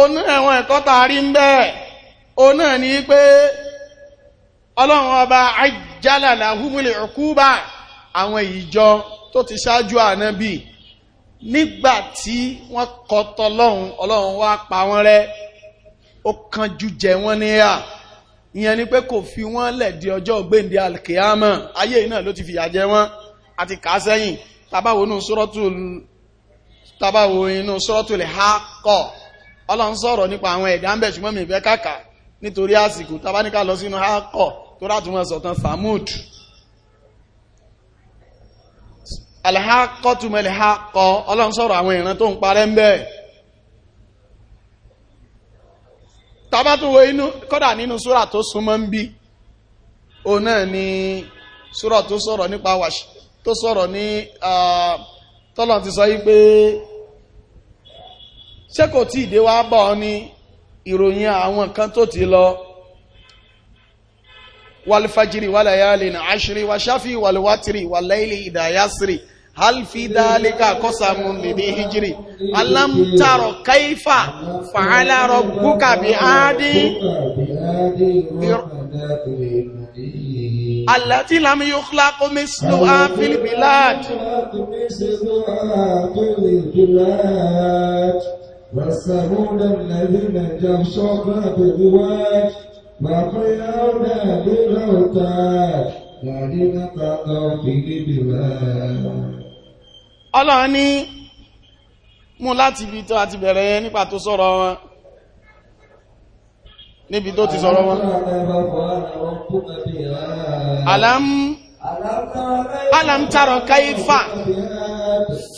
onú àwọn ẹ̀kọ́ tá a rí ń bẹ́ẹ̀ Ona náà ni pé ọlọ́run ọba ajálàlà húmúlẹ̀ ọkúbà àwọn ìjọ tó ti ṣáájú ànábì nígbà tí wọ́n kọ̀ tọlọ́run ọlọ́run wá pa wọ́n rẹ́ ó kánjú jẹ wọ́n níyà ìyẹn ni pé kò fi wọ́n lẹ̀ di ọjọ́ gbéǹde alkiyama ayé iná ló ti fìyà jẹ wọ́n àti kà sẹ́yìn tabawo inú sọ́rọ́tù tabawo inú sọ́rọ́tù lè ha kọ̀ ọlọ́run sọ̀rọ̀ nípa àwọn ẹ̀dá ń bẹ̀ ṣùgbọ́n mi ìfẹ́ kàkà nítorí àsìkò tàbáníkà lọ sínú akọ̀ tó rátùmọ̀ sọ̀tàn samud alhakọ̀ túnmọ̀ alhakọ̀ ọlọ́run sọ̀rọ̀ àwọn ìran tó ń parẹ́ ń bẹ́ẹ̀ tàbátúnwò inú kọ́dà nínú súrà tó súnmọ́ ń bí o náà ni súrà tó sọ̀rọ̀ nípa wàṣí tó sọ̀rọ̀ ní tọ́lọ̀ ti sọ yí pé ṣé kò tí ìdéwà bọ̀ ni ìròyìn àwọn kan tó ti lọ wàlfàjìrì wàlàyàlì ní àṣírí wàṣáfì wàlúwátìrì wàlẹ́ìlì ìdàyásírì halfi dálíkà kọ́sàmù bìbí hijiri alámtàrọ̀ káífà fàálàrọ̀ búkà bí áádí àlàtí lámì yóò kúlá kó mẹ́sìlú áfílì bíláàdì والسرون الذين جرشونا بدواج ما قيلونا للغوتاج لعلنا تقوا في البلاد ọlọ́run ní mú láti ibi tó àti bẹ̀rẹ̀ yẹn nípa tó sọ̀rọ̀ wọn níbi tó ti sọ̀rọ̀ wọn alam alam taro kaifa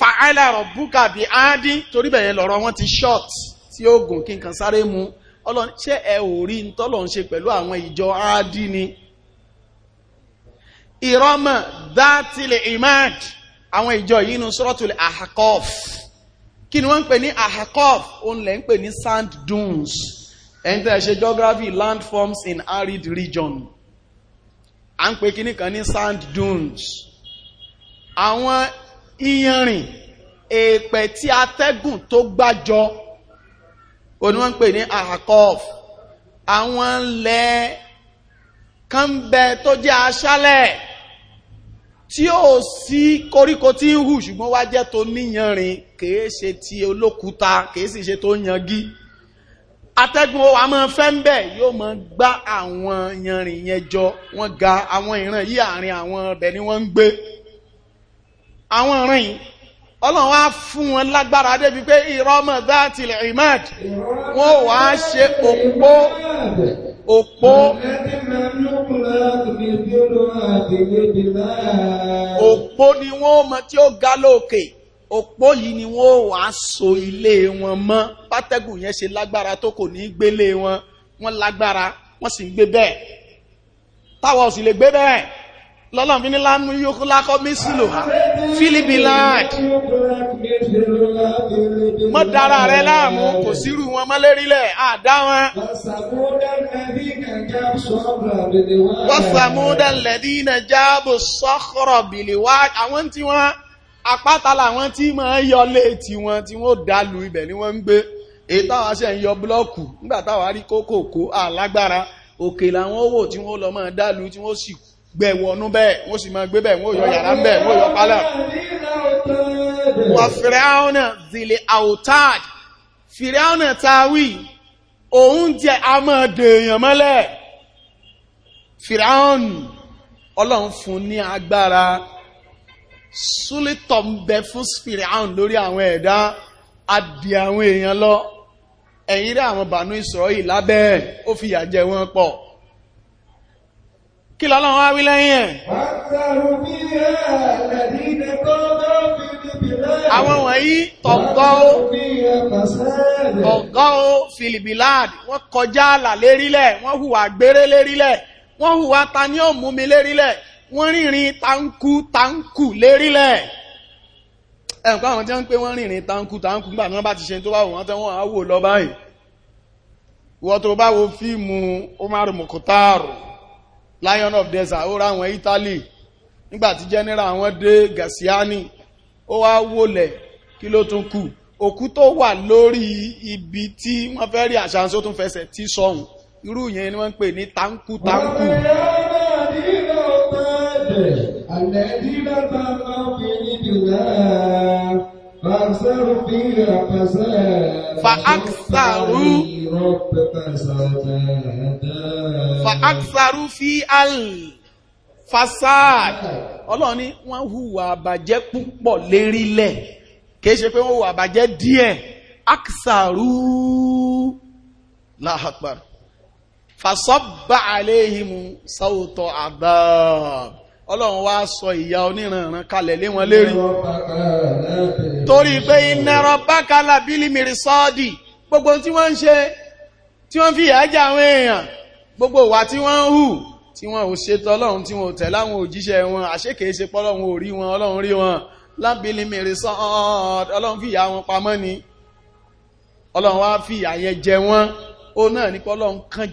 fàáìlà rọ̀bùkà bí áádín torí bẹ̀yẹn lọ́rọ̀ wọn ti short tí ó gùn kí nǹkan sáré mu ọlọ́run ṣé ẹ ò rí ntọ́lọ̀ ń ṣe pẹ̀lú àwọn ìjọ áádín ni. ìrọ́mọ̀ dátìlẹ̀ imad àwọn ìjọ yìí nu suratul ahqaf kí ni wọ́n ń pè ní ahqaf òun lẹ̀ ń pè ní sand dunes ẹni tẹ́ ẹ ṣe geography landforms in arid region à ń pè kíní kan ní sand dunes àwọn iyanrìn èèpẹ̀ tí atẹ́gùn tó gbájọ òní wọ́n ń pè ní ahakof àwọn ilẹ̀ kan bẹ tó jẹ́ aṣálẹ̀ tí ó sí koríko tí ń hù ṣùgbọ́n wá jẹ́ tó níyanrìn kìí ṣe ti olókùúta kìí sì ṣe tó yangi atẹ́gùn wa máa fẹ́ ń bẹ̀ yóò máa gbá àwọn yanrìn yẹn jọ wọ́n ga àwọn ìran yí àárín àwọn ọ̀dẹ̀ ni wọ́n ń gbé àwọn ọ̀ràn yìí ọlọ́run á fún wọn lágbára débi pé ìrọ́mọ̀ dáàtì imad wọ́n wá ṣe òpó òpó òpó ni wọ́n mọ tí ó ga lókè òpó yìí ni wọ́n wá so ilé wọn mọ́ pátẹ́gùn yẹn ṣe lágbára tó kò ní gbélé wọn wọ́n lágbára wọ́n sì gbé bẹ́ẹ̀ táwọn ò sì lè gbé bẹ́ẹ̀ lọ́lọ́n fi ní lámú yóò lákọ́ mísìlò fílìbì láàdì mọ́ dára rẹ láàmú kò sírù wọn mọ́ lérílẹ̀ àdá wọn wọ́sàmúdàn lẹ́dínà jáàbò sọ́kọ̀rọ̀ bìlì wá àwọn tí wọ́n apáta làwọn tí máa ń yọ léètì wọn tí wọ́n dàlù ibẹ̀ ni wọ́n ń gbé èyí táwa ṣe ń yọ búlọ́ọ̀kù nígbà táwa rí kókòkó alágbára òkè làwọn owó tí wọ́n lọ máa dàlù tí wọ́n sì kú gbẹ̀wọ̀nú bẹ́ẹ̀ wọ́n sì máa gbé bẹ́ẹ̀ wọ́n yọ yàrá bẹ́ẹ̀ wọ́n yọ pálẹ̀ wà fìrẹ́ọ̀nà zìlẹ̀ àwòtáàdì fìrẹ́ọ̀nà tàwí oúnjẹ a máa dèèyàn mọ́lẹ̀ fìrẹ́ọ̀nù ọlọ́run fún ní agbára súlítọ̀ ń bẹ fún fìrẹ́ọ̀nù lórí àwọn ẹ̀dá adì àwọn èèyàn lọ ẹ̀yìn rẹ̀ àwọn bànú ìsọ̀rọ̀ yìí lábẹ́ ó fìyà jẹ wọ́n pọ̀ kí lọ́lọ́run wá wí lẹ́yìn ẹ̀. àwọn wọ̀nyí ọ̀gọ́ ó ọ̀gọ́ ó filibilad wọ́n kọjá àlà lérílẹ̀ wọ́n hùwà gbére lérílẹ̀ wọ́n hùwà ta ni ó mú mi lérílẹ̀ wọ́n rìnrìn tanku tanku lérílẹ̀ ẹ̀kọ́ àwọn tí wọ́n ń pè wọ́n rìnrìn tanku tanku nígbà tí wọ́n bá ti ṣe tó bá wò wọ́n tẹ́ wọ́n á wò lọ báyìí wọ́n tó bá wo fíìmù Omar Mokotaru lion of desert ó ráwọn Italy nígbàtí general wọn dé Gassiani ó wá wólẹ̀ kí ló tún kù òkú tó wà lórí ibi tí wọ́n fẹ́ rí àṣàǹsó tún fẹsẹ̀ tí sọ̀hún irú yẹn ni wọ́n ń pè ní táǹkù táǹkù. fa aksaru. ربك ستهدى فأكثروا في الفساد ọlọ́run ní wọ́n hùwà àbàjẹ́ púpọ̀ lérílẹ̀ kìí ṣe pé wọ́n hùwà àbàjẹ́ díẹ̀ aksaru lahakbar fasọ́bà aléhìmù sáwùtọ̀ àdáàbù ọlọ́run wá sọ ìyà oníranran kalẹ̀ lé wọn lérí torí pé iná rọ bákàlà bílí mìírí sọ́ọ́dì gbogbo tí wọ́n ń ṣe tí wọ́n fi ìyà jẹ àwọn èèyàn gbogbo ìwà tí wọ́n ń hù tí wọ́n ò ṣe tọ́lọ́run tí wọ́n ò tẹ̀lé àwọn òjíṣẹ́ wọn àṣékèé ṣe pọ́lọ́run ò rí wọn ọlọ́run rí wọn lábìlì mèrè sán ọlọ́run fi ìyà wọn pamọ́ ni ọlọ́run wá fi ìyà yẹn jẹ wọ́n ó náà ní pọ́lọ́run kán